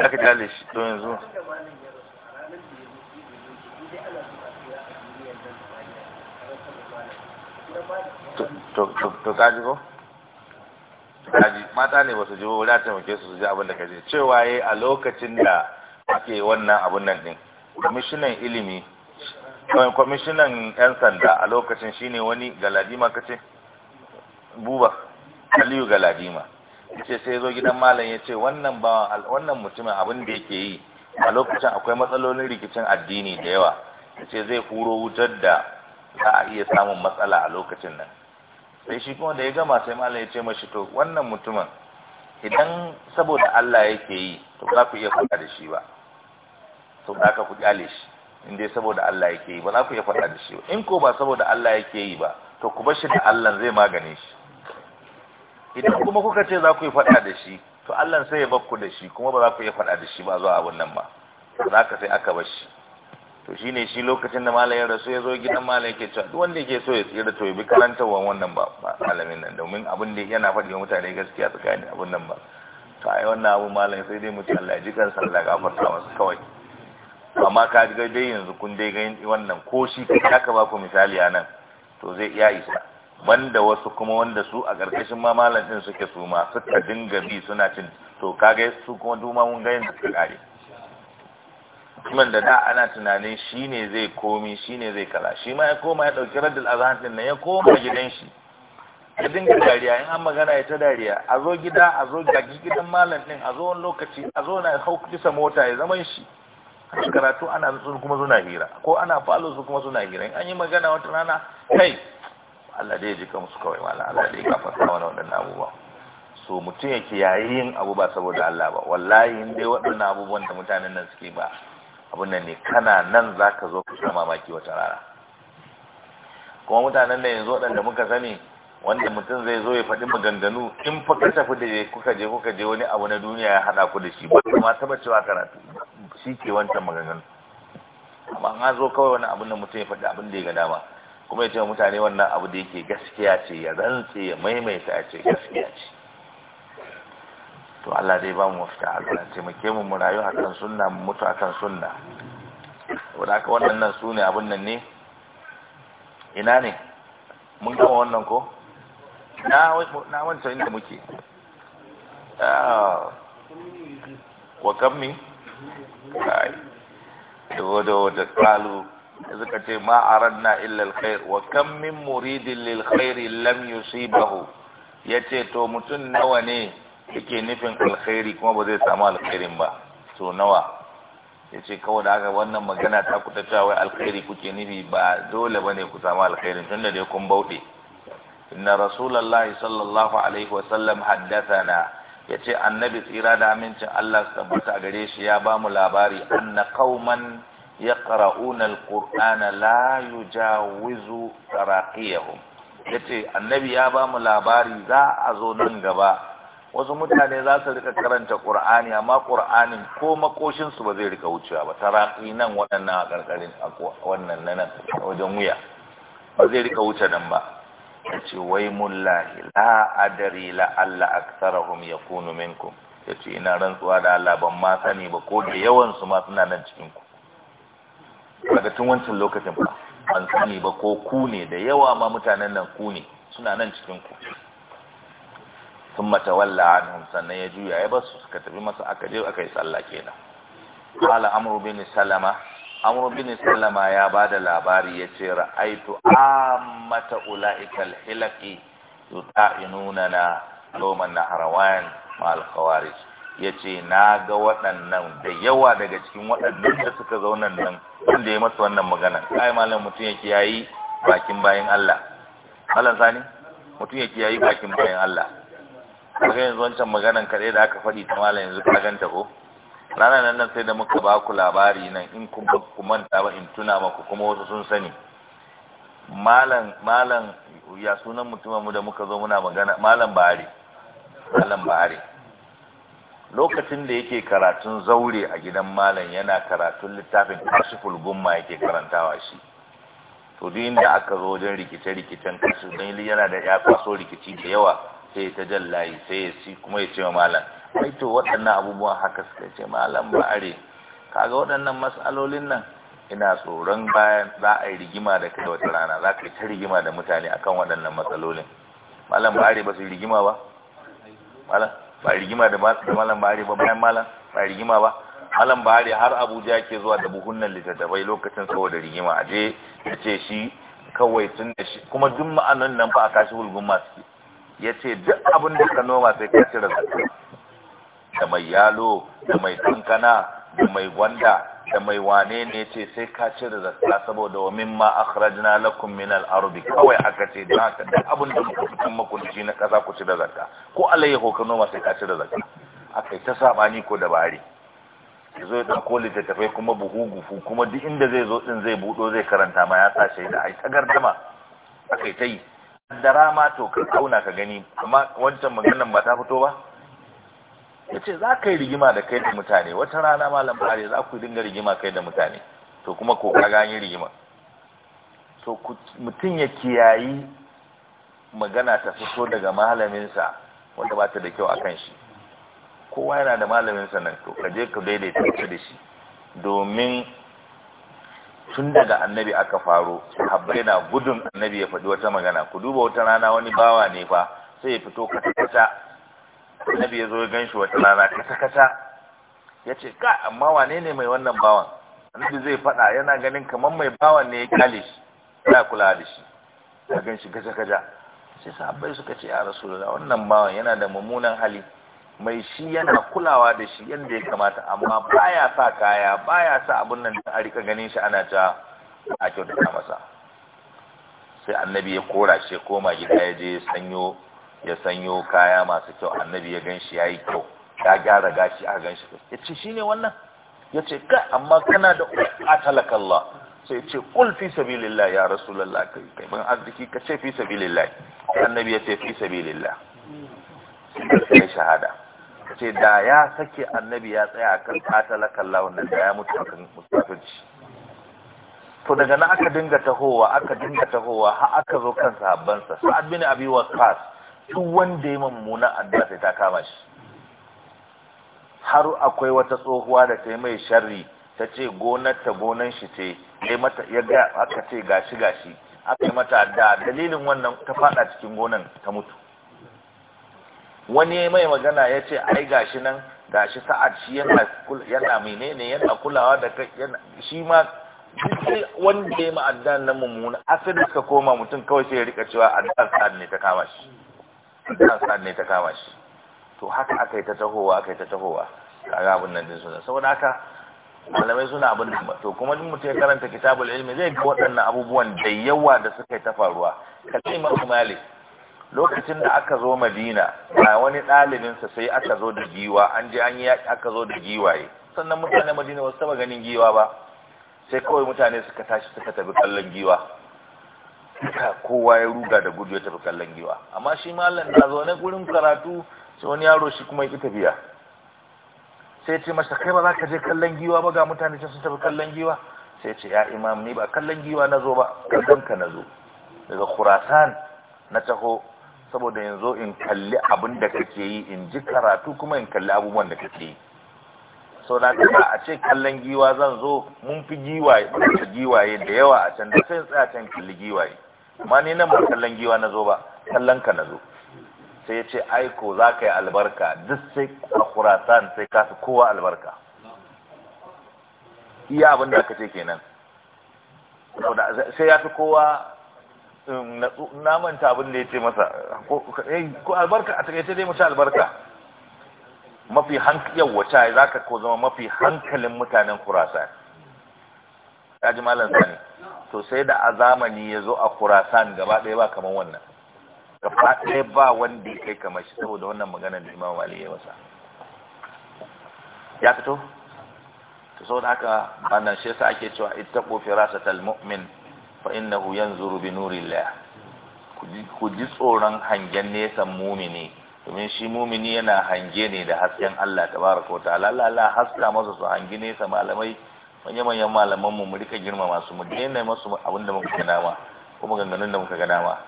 za ka jale shi to yanzu to kaji ko kaji mata ne ba su ji ba taimake su su ji abin da ka je cewa yayi a lokacin da ake wannan abin nan din kwamishinan ilimi eh, kwamishinan yan sanda a lokacin shine wani galadima kace buba aliyu galadima yace sai zo gidan malam yace wannan ba wannan mutumin abin da yake yi a lokacin akwai matsalolin rikicin addini da yawa yace zai huro wutar da za a iya samun matsala a lokacin nan sai shi kuma da ya gama sai malam yace mashi to wannan mutumin idan saboda Allah yake yi to ba ku iya faɗa da shi ba to da ka ku kyale shi in dai saboda Allah yake yi ba za ku iya faɗa da shi ba in ko ba saboda Allah yake yi ba to ku bar shi da Allah zai magane shi idan kuma kuka ce za ku yi faɗa da shi to Allah sai ya bakku da shi kuma ba za ku yi faɗa da shi ba zuwa abun nan ba za ka sai aka bar shi to shine shi lokacin da malamin rasu ya zo gidan malam yake cewa duk wanda yake so ya tsira to ya bi karantarwa wannan ba malamin nan domin abin da yana faɗi wa mutane gaskiya tsakanin abun nan ba to ai wannan abu malam sai dai mutum Allah ji kansa ga gafarta masa kawai amma ka ga dai yanzu kun dai ga wannan ko shi ka aka ba ku misali nan. to zai iya isa banda wasu kuma wanda su a ƙarƙashin ma malamin suke su ma suka dinga bi suna cin to kaga su kuma duma mun ga da suka kare mutumin da da ana tunanin shi ne zai komi shi ne zai kala shi ma ya koma ya ɗauki a azhan din nan ya koma gidan shi ya dinga dariya in an magana ya ta dariya a zo gida a zo gagi gidan malam din a zo wani lokaci a zo na hau bisa mota ya zama shi karatu ana sun kuma suna hira ko ana falo su kuma suna hira in an yi magana wata rana kai Allah dai ji musu kawai wala Allah dai ka fasa wani waɗannan abubuwa so mutum ya kiyaye yin abu ba saboda Allah ba wallahi in dai waɗannan abubuwan da mutanen nan suke ba abun nan ne kana nan za ka zo ka sha mamaki wata rara? kuma mutanen da yanzu waɗanda muka sani wanda mutum zai zo ya faɗi maganganu in fa ka tafi da kuka je kuka je wani abu na duniya ya haɗa ku da shi ba kuma taba cewa karatu shi ke wancan maganganu amma an zo kawai wani abun da mutum ya faɗi abin da ya ga dama kuma ya ce mutane wannan abu da yake gaskiya ce ya rantse ya maimaita a ce gaskiya ce to Allah dai ba mu mafita Allah muke mu mu rayu akan sunna mu mutu akan sunna wanda aka wannan nan su ne abin nan ne ina ne mun gama wannan ko na wancan inda muke ah, wa kammi kai da wadda wadda kalu suka ce ma aradna illa alkhair wa kam min muridin lil khairi lam yusibahu yace to mutum nawa ne yake nufin alkhairi kuma ba zai samu alkhairin ba to nawa yace kawai da aka wannan magana ta kuta cewa wai alkhairi kuke nufi ba dole bane ku samu alkhairin tunda dai kun bauɗe inna rasulullahi sallallahu alaihi wa sallam haddathana ya ce annabi tsira da amincin Allah su tabbata gare shi ya ba mu labari anna qauman yaqra'una alqur'ana la yujawizu taraqiyahum yace annabi ya ba mu labari za a zo nan gaba wasu mutane za su rika karanta qur'ani amma qur'anin ko makoshin su ba zai rika wucewa ba taraqi nan waɗannan a karkarin wannan nan wajen wuya ba zai rika wuce nan ba yace wai mullahi la adri la alla aktharuhum yakunu minkum yace ina rantsuwa da Allah ban ma sani ba ko da yawan su ma suna nan cikin ku daga tun wancan lokacin ba ban sani ba ko ku ne da yawa ma mutanen nan ku ne suna nan cikin ku sun matawalla anhum sannan ya juya ya basu suka tafi masa aka je aka yi sallah kenan qala amru bin salama amru bin salama ya ba da labari ya ce ra'aitu ammata ulaikal hilaki yuta'inuna na loman na ma al ya ce na ga waɗannan da yawa daga cikin waɗannan da suka zaunan nan wanda ya masa wannan magana kai malam mutum ya kiyayi bakin bayan Allah malam sani mutum ya kiyayi bakin bayan Allah kaga yanzu wancan maganan kaɗai da aka faɗi ta malam yanzu ka ganta ko Rana nan nan sai da muka ba ku labari nan in kun ba ku manta ba in tuna maku kuma wasu sun sani malam malam ya sunan mutumin da muka zo muna magana malam bari malam bari lokacin da yake karatun zaure a gidan malam yana karatun littafin kashiful gumma yake karantawa shi to duk inda aka zo wajen rikice-rikicen kasu don yana da ya kwaso rikici da yawa sai ta jan layi sai ya ci kuma ya ce wa malam ai to waɗannan abubuwan haka suka ce malam ba are kaga waɗannan matsalolin nan ina tsoron bayan za a yi rigima da kai wata rana za ka yi ta rigima da mutane akan waɗannan matsalolin malam ba are ba su rigima ba malam ba rigima da malam bahari ba bayan malam ba rigima ba malam bahari har abuja ke zuwa da buhunan littattafai lokacin saboda rigima a je ya ce shi kawai tun da shi kuma duk ma'anan nan fa a kashi hulgun masu ya ce duk abin da ka noma sai ka cire da mai yalo da mai kankana da mai gwanda da mai wane ne ce sai ka cire zakka saboda wa mimma akhrajna lakum min al-ardi kawai aka ce da haka da abin da muka fi muku na kasa ku cire zakka ko alayyahu ka noma sai ka cire zakka akai ta sabani ko dabari yazo ya dauko littattafai kuma buhu gufu kuma duk inda zai zo din zai budo zai karanta ma ya sa shaida ai ta gardama akai ta yi dara ma to ka kauna ka gani amma wancan maganar ba ta fito ba ya ce za ka yi rigima da kai da mutane wata rana malam fare za ku dinga rigima kai da mutane to kuma ko ka gani rigima to mutum ya kiyayi magana ta fito daga malaminsa wanda ba ta da kyau a kan shi kowa yana da malaminsa nan to ka je ka daidaita ta da shi domin tun daga annabi aka faro habbai na gudun annabi ya faɗi wata magana ku duba wata rana wani bawa ne fa sai ya fito kata-kata annabi ya zo ya gan shi wata rana kasa kasa ya ce ka amma wane ne mai wannan bawan annabi zai faɗa yana ganin kamar mai bawan ne ya kyale shi ya kula da shi ya gan shi gaja gaja sai sahabbai suka ce a rasu rasulullah wannan bawan yana da mummunan hali mai shi yana kulawa da shi yadda ya kamata amma baya sa kaya baya sa abun nan da a rika ganin shi ana ta a kyautata masa sai annabi ya kora shi koma gida ya je sanyo ya sanyo kaya masu kyau annabi ya gan shi ya yi kyau ya gyara gashi a gan shi ya ce shi ne wannan ya ce ka amma kana da a talakalla sai ya ce kul fi lillah ya lallah kai kai ban arziki ka ce fi lillah annabi ya ce fi lillah sai shahada ce da ya sake annabi ya tsaya a kan a talakalla wannan da ya mutu a kan mustafinci to daga nan aka dinga tahowa aka dinga tahowa har aka zo kan sahabbansa sa'ad bin abi waqqas duk wanda ya mummuna addu'a sai ta kama shi har akwai wata tsohuwa da ta yi mai sharri ta ce gonar ta gonan shi ce ya mata ya ga aka ce gashi gashi aka yi mata da dalilin wannan ta fada cikin gonan ta mutu wani ya mai magana ya ce ai gashi nan gashi sa'ad shi yana yana menene yana kulawa da kai yana shi ma wanda ya ma addan nan mummuna asirin ka koma mutum kawai sai ya rika cewa addan sa'ad ne ta kama shi transfer ne ta kama shi to haka aka yi ta tahowa aka yi ta tahowa ga abin nan din suna saboda haka malamai suna abin da ba to kuma duk mutum ya karanta kitabul ilmi zai ga waɗannan abubuwan da yawa da suka yi ta faruwa kalli imam malik lokacin da aka zo madina ba wani ɗalibinsa sai aka zo da giwa an je an yi aka zo da giwaye sannan mutanen madina wasu taba ganin giwa ba sai kawai mutane suka tashi suka tafi kallon giwa duka kowa ya ruga da gudu ya tafi kallon giwa amma shi malam da zaune gurin karatu sai wani yaro shi kuma yake tafiya sai ce masa kai ba za ka je kallon giwa ba ga mutane sun tafi kallon giwa sai ce ya imam ni ba kallon giwa na zo ba kallon ka na zo daga khurasan na taho saboda yanzu in kalli abin da kake yi in ji karatu kuma in kalli abubuwan da kake yi sau da ta a ce kallon giwa zan zo mun fi giwaye da giwaye da yawa a can da sai tsaya can kalli giwaye amma ni nan ba kallon giwa na zo ba kallon ka na zo sai ya ce aiko za ka yi albarka duk sai a kuratan sai ka fi kowa albarka iya abin da aka ce kenan sai ya fi kowa um, na manta abin da ya ce masa ko eh, albarka a takaice dai mace albarka mafi yawace za ka ko zama mafi hankalin mutanen kurasa ya ji malam sani to sai da a zamani ya zo a kurasan gaba ɗaya ba kamar wannan gaba ɗaya ba wanda ya kai kamar shi saboda wannan magana da imam wali ya wasa. ya fito to saboda haka wannan shi yasa ake cewa ittaqu firasatal talmumin fa yan yanzuru bi laya, ku ji tsoron hangen nesan mumini domin shi mumini yana hange ne da hasken Allah tabaraka wa ta'ala Allah haska masa su hangi nesa malamai manya-manyan malaman mu mu rika girma masu mu daina masu abin da muka ga dama kuma ganganun da muka ga dama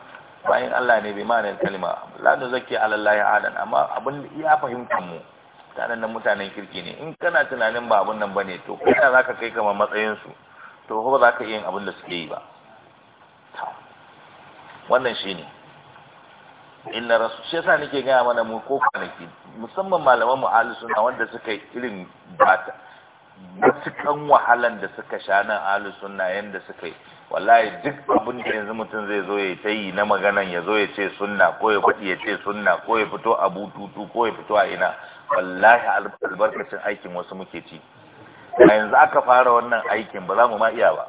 bayan Allah ne bai ma'anar kalma la da zake alallahi adan amma abin ya fahimtar mu tare da mutanen kirki ne in kana tunanin ba abin nan bane to za ka kai kamar matsayin su to ba za ka iya yin abin da suke yi ba wannan shine inna rasu shi yasa nake gaya mana mu ko kwanaki musamman malaman mu ahlus sunna wanda suka yi irin bata matukan wahalan da suka sha nan ahlu sunna yanda suka yi wallahi duk abin da yanzu mutum zai zo ya ta yi na maganan ya zo ya ce sunna ko ya faɗi ya ce sunna ko ya fito a bututu ko ya fito a ina wallahi albarkacin aikin wasu muke ci a yanzu aka fara wannan aikin ba za mu ma iya ba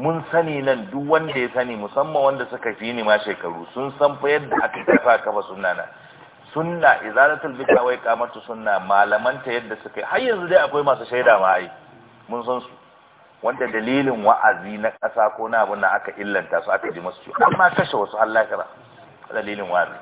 mun sani nan duk wanda ya sani musamman wanda suka fi ni ma shekaru sun san fa yadda aka kafa kafa sunna na sunna izalatul bid'a wa iqamatu sunna malaman ta yadda suka har yanzu dai akwai masu shaida ma ai mun san su wanda dalilin wa'azi na ƙasa ko na abin da aka illanta su aka ji masu ciwo amma kashe wasu Allah kara dalilin wa'azi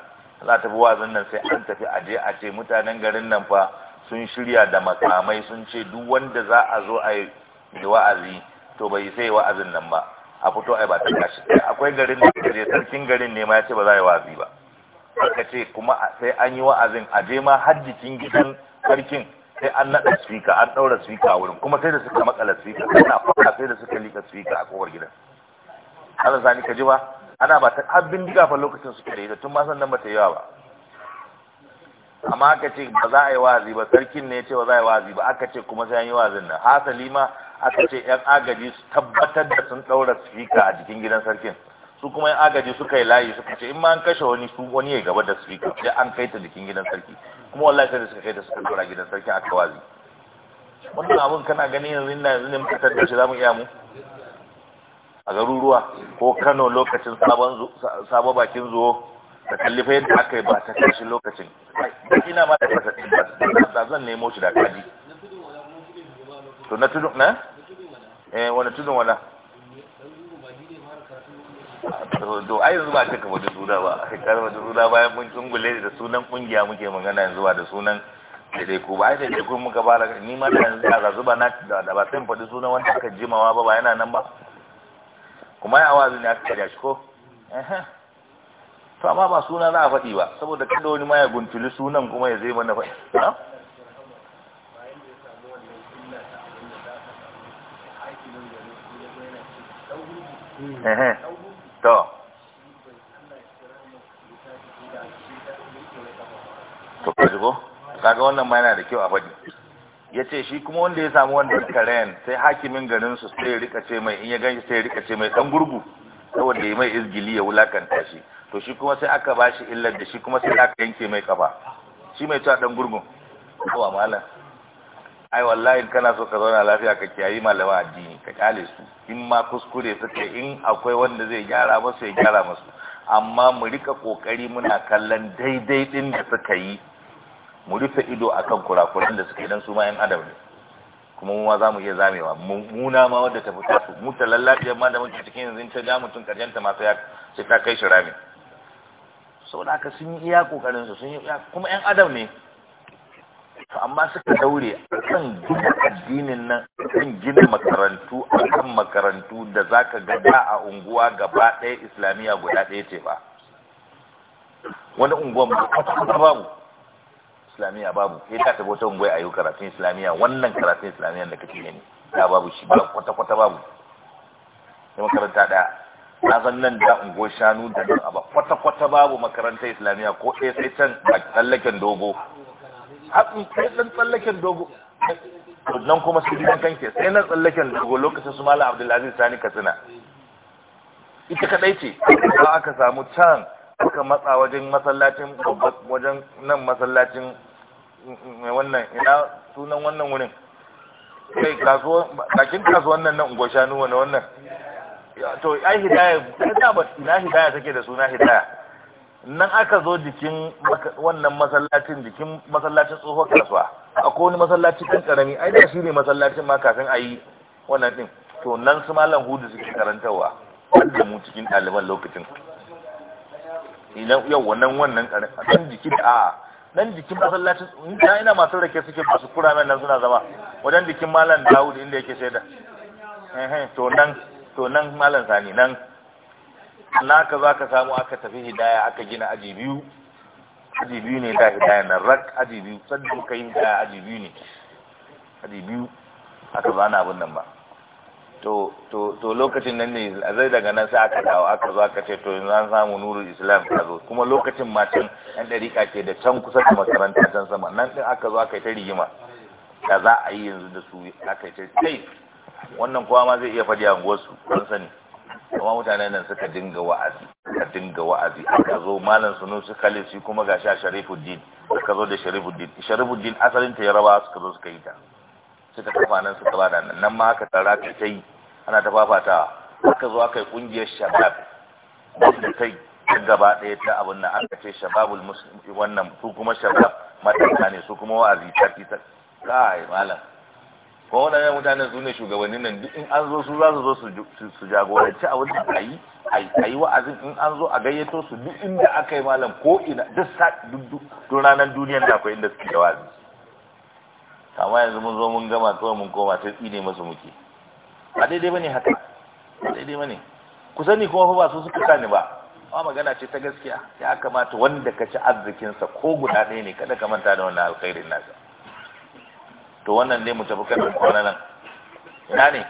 za ta bi wa'azin nan sai an tafi a je a ce mutanen garin nan fa sun shirya da makamai sun ce duk wanda za a zo a yi wa'azi to bai sai wa'azin nan ba a fito ai ba ta kashi akwai garin da sarkin garin ne ma ya ce ba za a yi wa'azi ba aka ce kuma sai an yi wa'azin a je ma hajjikin gidan sarkin sai an naɗa sika an ɗaura sika a wurin kuma sai da suka makala sika na faɗa sai da suka liƙa sika a kowar gidan Allah sani ka ji ba ana ba ta abin diga fa lokacin suke da ita tun ma san nan ba ta yawa ba amma aka ce ba za a yi wazi ba sarkin ne ya ce ba za a yi wazi ba aka ce kuma sai an yi wazin nan hasali ma aka ce yan agaji su tabbatar da sun ɗaura sika a jikin gidan sarkin su kuma yan agaji suka yi layi suka ce in ma an kashe wani su wani ya gaba da speaker sai an kai ta jikin gidan sarki kuma wallahi sai da suka kai ta suka dora gidan sarki a kawazi wannan abun kana gani yanzu ina yanzu ne muka tattauna shi zamu iya mu a garuruwa ko Kano lokacin sabon sabo bakin zuwo ta kallifa yadda aka yi ba ta kashi lokacin da ina ma da kasashen da zan nemo shi da kaji to na tudun na eh wani tudun wala to ai yanzu ba ta kama da suna ba a kama da suna bayan mun tsungule da sunan kungiya muke magana yanzu ba da sunan daidai ko ba ai daidai ko muka fara ni ma da yanzu a zuba na da ba sai faɗi sunan wanda aka jimawa ba ba yana nan ba kuma ya awazi ne aka karya shi ko to amma ba suna za a faɗi ba saboda kada wani ma ya guntuli sunan kuma ya zai mana faɗi Eh eh to to kaji ko kaga wannan ma yana da kyau a faɗi ya ce shi kuma wanda ya samu ya karen sai hakimin ganin su sai rika ce mai in ya ganshi sai rika ce mai dan gurgu saboda ya mai izgili ya wulakanta shi to shi kuma sai aka bashi illar da shi kuma sai aka yanke mai kafa shi mai cewa dan gurgun ko malam ai wallahi kana so ka zauna lafiya ka kiyayi malaman addini ka kyale su in ma kuskure suke in akwai wanda zai gyara masu ya gyara masu amma mu rika kokari muna kallon daidai din da suka yi mu rufe ido akan kurakuran da suka yi dan su ma yan adam ne kuma mu ma za mu iya zamewa muna ma wadda ta fita su mu ta lallafiyar ma da muke cikin yanzu ta ja mutum masu ya sai ta kai shi rami saboda sun yi iya kokarin sun yi kuma yan adam ne to amma suka daure kan gina addinin nan kan gina makarantu a kan makarantu da za ka gada a unguwa gaba ɗaya islamiyya guda ɗaya ce ba wani unguwa ba kwata babu islamiyya babu sai ta tafi wata unguwa a yi karatun islamiyya wannan karatun islamiyya da kake gani ta babu shi ba kwata-kwata babu sai makaranta ɗaya na san nan da unguwa shanu da nan ba kwata-kwata babu makarantar islamiyya ko ɗaya sai can a tsallaken dogo haɗin kai ɗan tsallaken dogo nan kuma su gidan ke. sai na tsallaken dogo lokacin su mala abdulaziz sani katsina ita kadai ce ba aka samu can suka matsa wajen masallacin wajen nan masallacin wannan ina sunan wannan wurin kai kasuwa bakin kasuwan nan nan ungo shanu wani wannan to ai hidaya ta ba ina hidaya take da suna hidaya nan aka zo jikin wannan masallacin jikin masallacin tsoho kasuwa akwai wani masallaci kan karami ai da shi ne masallacin ma kafin a yi wannan ɗin, to nan su malam hudu suke karantarwa da mu cikin ɗaliban lokacin idan yau wannan wannan ɗan jikin a nan jikin masallacin ina ina masu rake suke masu kuramen nan suna zama wajen jikin malam dawud inda yake shaida to nan to nan malam sani nan naka za ka samu aka tafi hidaya aka gina aji biyu aji biyu ne da hidaya na rak aji biyu sannan ka yi hidaya aji biyu ne aji biyu aka zana abin nan ba to lokacin nan ne zai daga nan sai aka dawo aka zo aka ce to yanzu zan samu nuru islam ka zo kuma lokacin matan yan dariƙa ke da can kusa da makaranta can sama nan ɗin aka zo aka yi ta rigima da za a yi yanzu da su aka yi ta kai wannan kowa ma zai iya faɗi a unguwarsu don sani kuma mutanen nan suka dinga wa'azi suka dinga wa'azi aka zo malam sunu su shi kuma ga sha sharifuddin suka zo da sharifuddin sharifuddin asalin ta yaraba suka zo suka yi ta suka kafa nan suka bada nan nan ma aka tsara ta tai ana ta fafata aka zo aka yi kungiyar shabab wanda kai gaba ɗaya ta abin nan aka ce shababul muslim wannan su kuma shabab matasa ne su kuma wa'azi ta ta kai malam ba waɗannan mutanen su ne shugabannin nan duk in an zo su za su zo su jagoranci a wanda a yi a yi wa'azin in an zo a gayyato su duk inda aka yi malam ko ina duk sa duk ranar duniyar da akwai inda suke wa'azi kama yanzu mun zo mun gama kawai mun koma ta tsine masu muke ba daidai bane haka ba daidai bane ku sani kuma fa ba su suka sani ba amma magana ce ta gaskiya ya kamata wanda ka ci arzikinsa ko guda ɗaya ne kada ka manta da wannan alkhairin nasa to wannan ne mu tafi kan kwana nan ina ne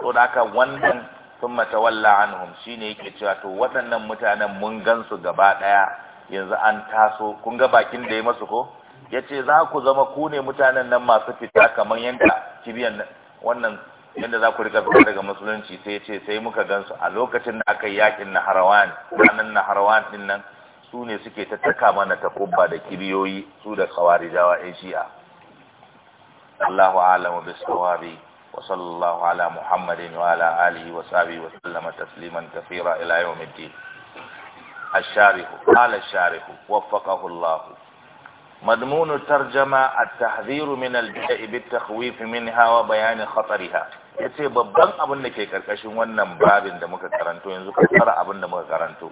to da aka wannan sun mata walla anhum shine yake cewa to waɗannan mutanen mun su gaba ɗaya yanzu an taso kun ga bakin da ya masu ko ya ce za ku zama ku ne mutanen nan masu fita kamar yadda kibiyan wannan yadda za ku rika fita daga musulunci sai ce sai muka gan su. a lokacin da aka yi yakin na harawan ranar na harawan din nan su ne suke tattaka mana takubba da kibiyoyi su da dawa yan shi'a Allahu a'lamu bis-sawabi wa sallallahu ala Muhammadin wa ala alihi wa sahbihi wa sallama tasliman الشارح قال الشارح وفقه الله مضمون الترجمة التحذير من البدع بالتخويف منها وبيان خطرها yace babban abin da ke karkashin wannan babin da muka karanto yanzu fara abin da muka karanto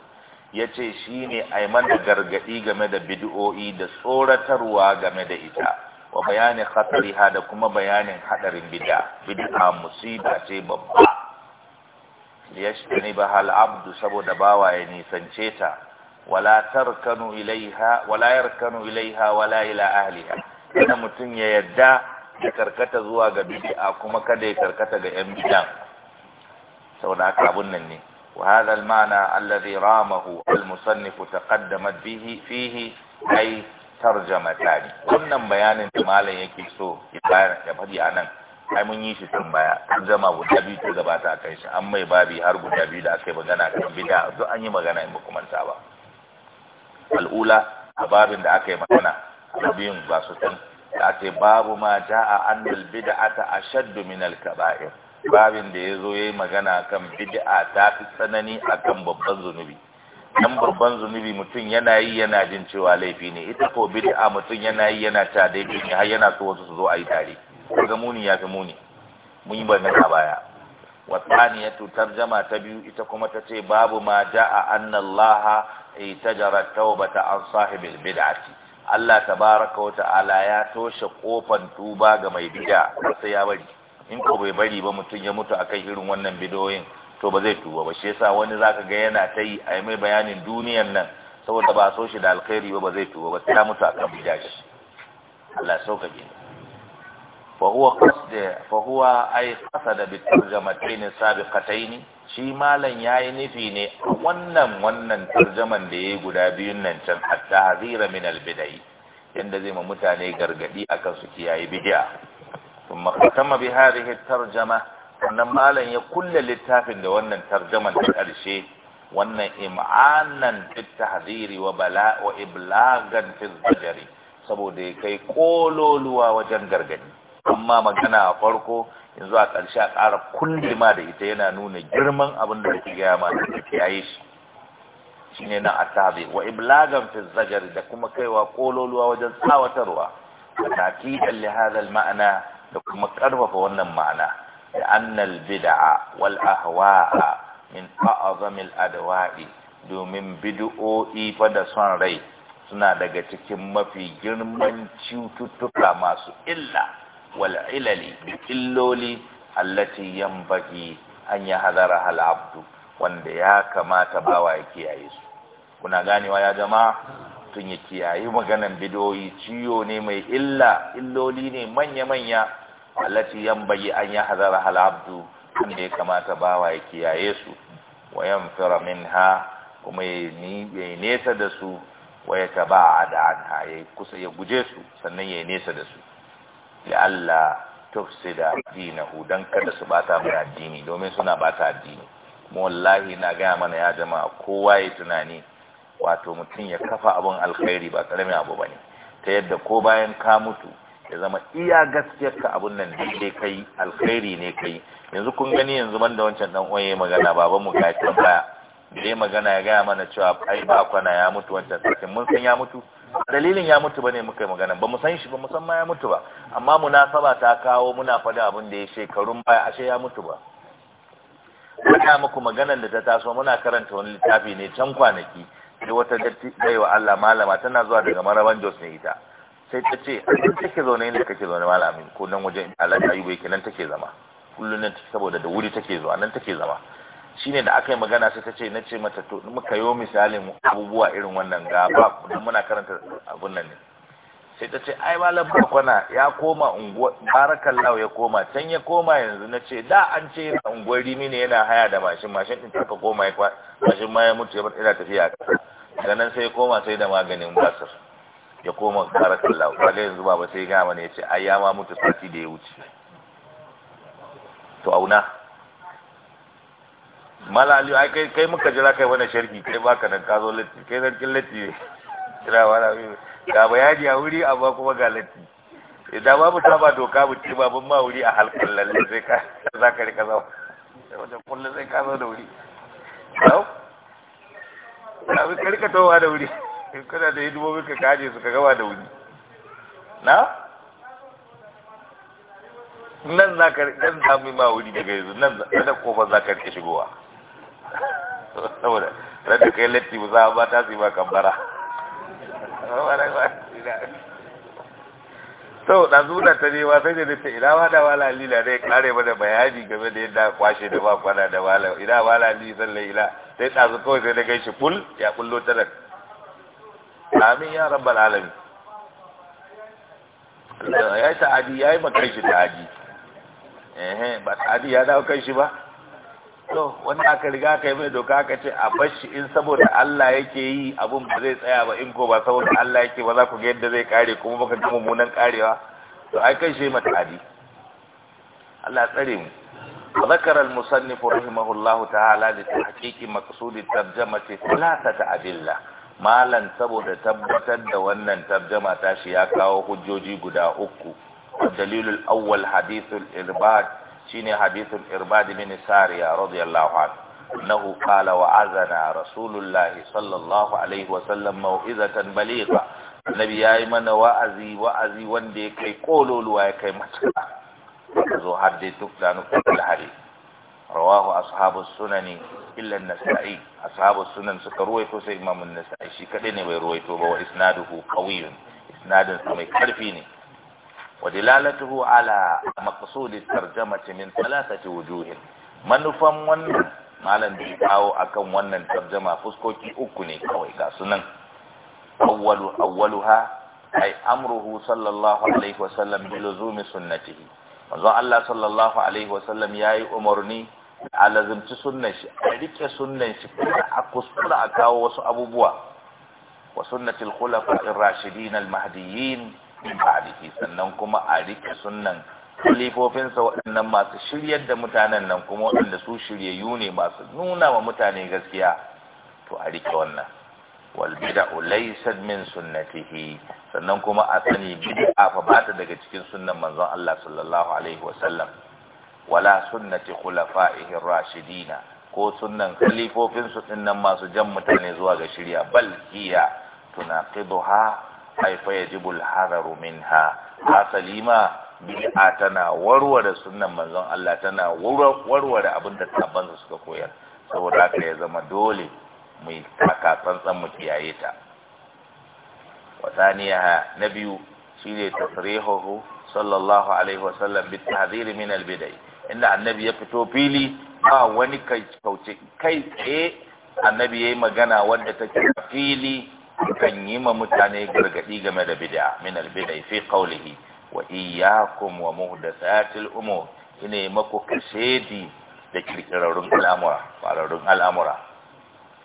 yace shine ai mana gargadi game da bid'o'i da tsoratarwa game da ita wa bayanin khatariha da kuma bayanin hadarin bid'a bid'a musiba ce babba liyashtani ba abdu saboda bawa ya nisance ta wala tarkanu ilaiha wala yarkanu ilaiha wala ila ahliha kada mutun ya yadda ya karkata zuwa ga bid'a kuma kada ya karkata ga yan bid'a saboda haka abun nan ne وهذا المعنى الذي رامه المصنف تقدمت به فيه أي tarjama tari wannan bayanin da malam yake so ya bayar ya faɗi a nan ai mun yi shi tun baya tarjama guda biyu ta gabata a kai shi an mai babi har guda biyu da aka yi magana kan bida duk an yi magana in ba ba al'ula a babin da aka yi magana a biyun ba su san, da aka yi babu ma ja a annal ta ashaddu min al babin da ya zo ya yi magana kan bid'a ta fi tsanani akan babban zunubi dan burban zunubi mutum yana yi yana jin cewa laifi ne ita ko bid'a mutum yana yi yana ta daidai ne har yana so wasu su zo a yi tare kaga muni ya fi muni mun yi bayanin a baya taniyatu tarjama ta biyu ita kuma ta ce babu ma ja'a anna Allah itajara tawbata an sahibil bid'ati Allah tabaraka wa ta'ala ya toshe kofan tuba ga mai bid'a sai ya bari in ko bai bari ba mutum ya mutu akan irin wannan bidoyin to ba zai tuba ba shi yasa wani zaka ga yana ta yi a mai bayanin duniyan nan saboda ba so shi da alkhairi ba ba zai tuba ba sai ya mutu a akan shi. Allah ya sauka sauƙaƙe fa huwa qasd fa huwa ay qasada bi tarjamatayn sabiqatayn shi malan yayi nufi ne a wannan wannan tarjaman da yayi guda biyun nan can at-tahzira min al-bidai yanda zai ma mutane gargadi akan su kiyaye bid'a bi ختم بهذه الترجمه Wannan malam ya kulle littafin da wannan tarjaman ta karshe wannan im'anan fit tahdhiri wa bala wa iblagan fil zajari saboda ya kai kololuwa wajen gargadi amma magana a farko yanzu a ƙarshe a ƙara kulle ma da ita yana nuna girman abin da kake gaya ma da kake yayi shi shine na atabi wa iblagan fil zajari da kuma kaiwa kololuwa wajen tsawatarwa da takidan li hadha ma'ana da kuma karfafa wannan ma'ana لأن البدع والأهواء من أعظم الأدواء domin bid'o'i fa da son rai suna daga cikin mafi girman cututtuka masu illa wal ilali illoli allati yanbaghi an ya hadara hal abdu wanda ya kamata bawa ya kiyaye su kuna ganewa ya zama tun ya kiyaye maganan bidoyi ciyo ne mai illa illoli ne manya-manya yan bayi an yi hal abdu inda ya kamata bawa ya kiyaye su wa firamin ha kuma ya yi nesa da su wa ya an ha ya kusa ya guje su sannan ya yi nesa da su ya Allah da dinahu don kada su bata mai addini domin suna bata addini kuma wallahi na gaya mana ya jama'a kowa ya tunani wato mutum ya kafa abun alkhairi ba karamin abu bane ta yadda ko bayan ka mutu ya zama iya gaskiyar ka abun nan daidai kai alkhairi ne kai yanzu kun gani yanzu ban da wancan dan uwaye magana baban mu kai can baya dai magana ya gaya mana cewa ai ba kwana ya mutu wancan sakin mun san ya mutu dalilin ya mutu bane muka yi magana ba mu san shi ba mu san ma ya mutu ba amma munasaba ta kawo muna fada abin da ya shekarun baya ashe ya mutu ba Muna muku maganar da ta taso muna karanta wani littafi ne can kwanaki sai wata dattijo baiwa Allah malama tana zuwa daga maraban Jos ne ita sai ta ce a nan take zaune inda kake zaune malamin ko nan wajen alhaji ayuba nan take zama kullum nan take saboda da wuri take zuwa nan take zama shine da aka yi magana sai ta ce na ce mata to muka yi misalin abubuwa irin wannan ga ba muna karanta abun nan ne sai ta ce ai malam bakwana ya koma unguwa barakallahu ya koma can ya koma yanzu na ce da an ce yana unguwar rimi ne yana haya da mashin mashin din ta koma ya mashin ma ya mutu ya bar ina tafiya daga sai ya koma sai da maganin basir ya koma karakan lau kaga yanzu ba sai gama ne ce ai ya ma mutu sati da ya wuce to auna malali ai kai kai muka jira kai wani sharhi kai baka nan ka zo latti kai zan kin latti kira wala ga bayani a wuri amma kuma ga latti idan babu ta ba doka mu ce babun ma wuri a halkan lalle sai ka za ka rika zama wajen kullum sai ka zo da wuri Abu karkatowa da wuri. kana da hidimomin ka kaje su ka gaba da wuni na nan za ka ɗan sami ma wuni daga yanzu nan da kofar za ka rike shigowa saboda da kai latti ba za ba ta su yi ba kambara sau da zuwa ta nema sai da nace ina ba da wala lila zai kare mana bayani game da yadda kwashe da ba kwana da wala ina wala lila zan ila sai ɗazu kawai sai na gaishe ful ya kullo ta nan amin ya rabbal alamin ya yi ta'adi ya yi makai shi ta'adi ehe ba ta'adi ya dawo kan shi ba to wani aka riga ka yi mai doka aka ce a bashi in saboda Allah yake yi abun ba zai tsaya ba in ko ba saboda Allah yake ba za ku ga yadda zai kare kuma baka ji mummunan karewa to ai kan shi mai ta'adi Allah tsare mu ذكر المصنف رحمه الله تعالى لتحقيق مقصود الترجمة ثلاثة أدلة malan saboda tabbatar da wannan tarjama tashi ya kawo hujjoji guda uku dalilul awwal hadithul irbad shine hadithul irbad min sariya radiyallahu anhu انه قال وعزنا رسول الله صلى الله عليه وسلم موعظه بليغه النبي mana wa'azi wa'azi wanda ya kai yake Ya zo har dai duk da nufin rawahu ashabu sunani illa an-nasa'i ashabu sunan suka ruwaito sai imam an-nasa'i shi kadai ne bai ruwaito ba wa isnaduhu qawiyyun isnadin sa mai karfi ne wa dilalatuhu ala maqsud at-tarjamati min thalathati wujuhin manufan wannan malam da kawo akan wannan tarjama fuskoki uku ne kawai ga sunan awwalu awwaluha ay amruhu sallallahu alaihi wasallam bi luzumi sunnatihi manzon Allah sallallahu alaihi wa wasallam yayi umarni a lazimci sunan shi a rike sunan shi kuma a kuskura a kawo wasu abubuwa wa sunnatul khulafa'ir rashidin al-mahdiyyin ba'dihi sannan kuma a rike sunnan khalifofinsa waɗannan masu shiryar da mutanen nan kuma waɗanda su shiryayyu ne masu nuna wa mutane gaskiya to a rike wannan wal bid'u laysat min sunnatihi sannan kuma a sani bid'a fa bata daga cikin sunnan manzon Allah sallallahu alaihi wa sallam wala sunnati khulafa'ihi rashidina ko sunnan khalifofin su dinnan masu jan mutane zuwa ga shirya bal hiya tunaqidha ay fa yajibu al-hadaru minha asalima bid'a tana warware sunnan manzon Allah tana warware abinda da su suka koyar saboda haka ya zama dole mu taka tsantsan mu kiyaye ta wasaniya na biyu shine tasrihuhu sallallahu alaihi wasallam bit tahdhir min al-bid'ah inda annabi ya fito fili ba wani kauce kai tsaye annabi ya yi magana wadda take fili kan yi ma mutane gargaɗi game da bid'a min albid'a fi qawlihi wa iyyakum wa muhdathatil umur ine mako kashedi da kirkirarrun al'amura fararrun al'amura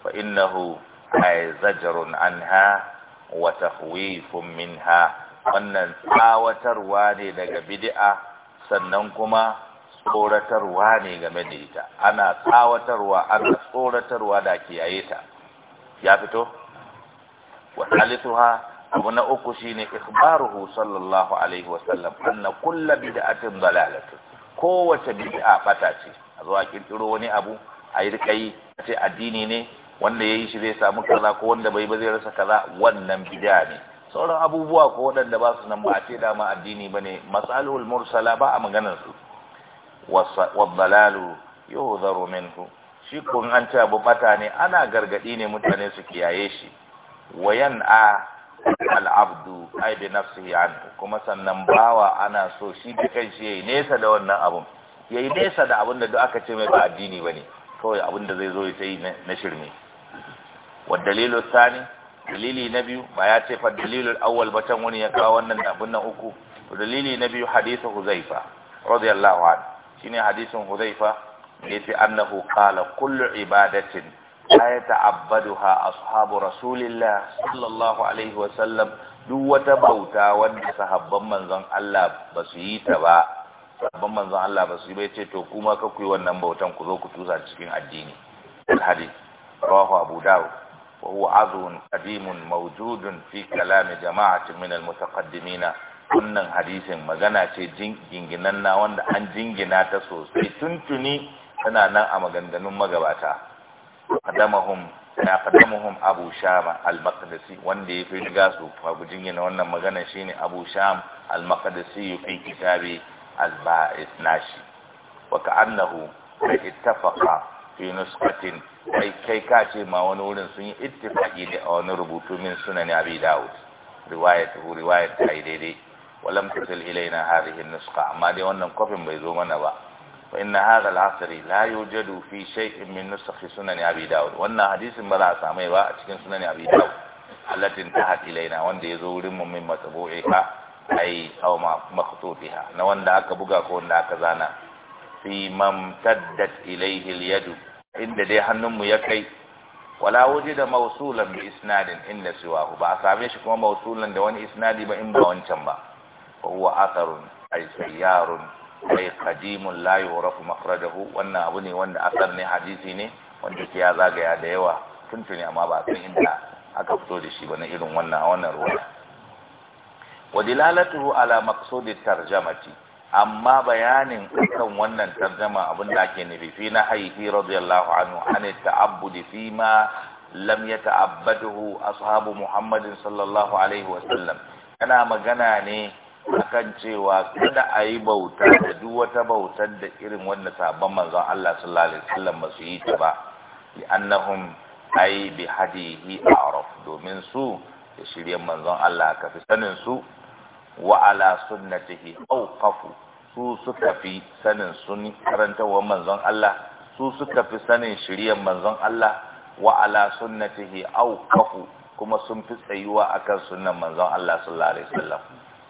fa innahu aizajarun anha wa tahwifun minha wannan tsawatarwa ne daga bid'a sannan kuma tsoratarwa ne game da ita ana tsawatarwa ana tsoratarwa da kiyaye ta ya fito wa abu na uku shine ikhbaruhu sallallahu alaihi wa sallam anna kullu bid'atin dalalatu kowace bid'a bata ce a zo a kirkiro wani abu a yi rikai a ce addini ne wanda yayi shi zai samu kaza ko wanda bai ba zai rasa kaza wannan bid'a ne sauran abubuwa ko waɗanda ba su nan ba a ce dama addini bane masalul mursala ba a maganar su yau yuhzaru minhu shi kun an ce abu bata ne ana gargadi ne mutane su kiyaye shi wayan a al'abdu aibi bi ya kuma sannan bawa ana so shi da ya yayi nesa da wannan abun yayi nesa da abun da duk aka ce mai ba addini bane kawai abun da zai zo ya yi na shirme wa dalilu sani dalili na biyu ba ya ce fa dalilu awwal ba can wani ya kawo wannan abun nan uku dalili na biyu hadisa huzaifa radiyallahu anhu shine hadisin Huzaifa yace annahu qala kullu ibadatin la yata'abbaduha ashabu rasulillah sallallahu alaihi wa sallam duk wata bauta wanda sahabban manzon Allah ba su yi ta ba sahabban manzon Allah ba su yi ba yace to kuma ka ku yi wannan bautan ku zo ku tusa cikin addini al-hadith rawahu Abu Dawud وهو عضو قديم موجود في كلام جماعة من المتقدمين wannan hadisin magana ce jinginan na wanda an jingina ta sosai tuntuni tana nan a maganganun magabata adamahum na qadamahum abu shama al-maqdisi wanda ya fi riga su babu jingina wannan magana shine abu sham al-maqdisi fi kitabi al-ba'is nashi wa ka'annahu ittafaqa fi nusqatin kai kai ka ce ma wani wurin sun yi ittifaqi da wani rubutu min sunan abi dawud riwayat riwayat ta daidai walam tasil ilaina hadhihi an-nusqa amma dai wannan kofin bai zo mana ba fa inna hadha al-asri la yujadu fi shay'in min nusakh sunan abi daud wannan hadisin ba za a same ba a cikin sunan abi daud ta tahat ilaina wanda yazo wurin mu min matbu'iha ai aw ma makhtufiha na wanda aka buga ko wanda aka zana fi man taddat ilayhi al-yad inda dai hannunmu ya kai wala wujida mawsulan bi isnadin inda siwahu ba a same shi kuma mawsulan da wani isnadi ba in ba wancan ba huwa atharun ay sayyarun ay qadimun la yurafu makhrajahu wannan abu ne wanda asar ne hadisi ne wanda ke zagaya da yawa tuntuni amma ba san inda aka fito da shi ba na irin wannan a wannan ruwa wa dilalatuhu ala maqsudi tarjamati amma bayanin kan wannan tarjama abin da ake nufi fi na haihi radiyallahu anhu an ta'abbudi fi ma lam yata'abbaduhu ashabu muhammadin sallallahu alaihi wa sallam ana magana ne akan cewa kada a yi bauta da duk wata bautar da irin wanda sabon manzon Allah sallallahu alaihi wasallam ba su yi ta ba li annahum ay bi hadihi a'raf domin su da shirye manzon Allah ka fi sanin su wa ala sunnatihi awqafu su suka fi sanin sunni karantawa manzon Allah su suka fi sanin shiryen manzon Allah wa ala sunnatihi awqafu kuma sun fi tsayuwa akan sunnan manzon Allah sallallahu alaihi wasallam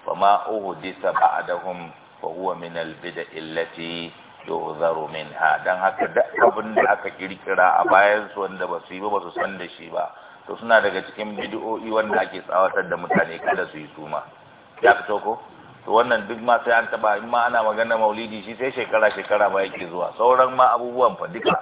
bama أهدث بعدهم فهو من البدع التي min minha dan haka da abin da aka kirkira a bayan su wanda ba su yi ba ba su san da shi ba to suna daga cikin bidiyo'i wanda ake tsawatar da mutane kada su yi suma ya fito ko to wannan duk ma sai an taba in ma ana magana maulidi shi sai shekara shekara ba yake zuwa sauran ma abubuwan fa duka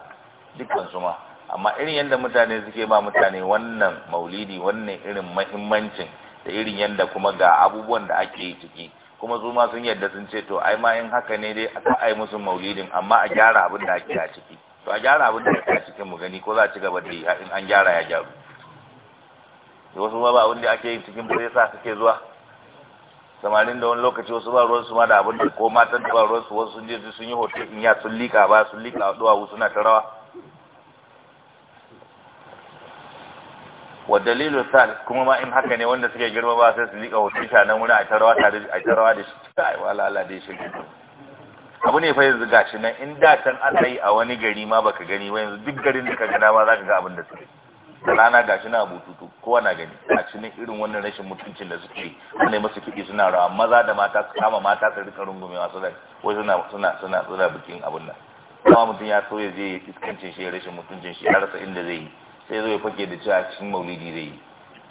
dukkan suma amma irin yadda mutane suke ba mutane wannan maulidi wannan irin mahimmancin da irin yadda kuma ga abubuwan da ake yi ciki kuma su ma sun yadda sun ce to ai ma in haka ne dai aka ai musu maulidin amma a gyara abin da ake a ciki to a gyara abin da ake a cikin mu gani ko za a ci gaba da yi in an gyara ya gyaru da wasu ma ba abin da ake yi cikin zai sa suke zuwa samanin da wani lokaci wasu ba ruwan su ma da abin da ko matan da ba ruwan su wasu sun je sun yi hoto in ya sun lika ba sun lika duwawu suna ta rawa wa dalilu salis kuma ma in haka ne wanda suke girma ba sai su liƙa hoton shi nan wurin a tarawa tare a da shi kai wala Allah dai shi abu ne fa yanzu gashi nan in da can aka yi a wani gari ma baka gani wa yanzu duk garin da ka gana ma zaka ga abin da suke rana gashi na bututu kowa na gani a cikin irin wannan rashin mutuncin da suke wanda masu kiɗi suna rawa maza da mata su kama mata su rika rungumewa suna wai suna suna suna suna bikin abin nan kuma mutum ya so ya je ya iskancin shi ya rashin mutuncin shi ya rasa inda zai yi sai zo ya fake da cewa cikin maulidi zai yi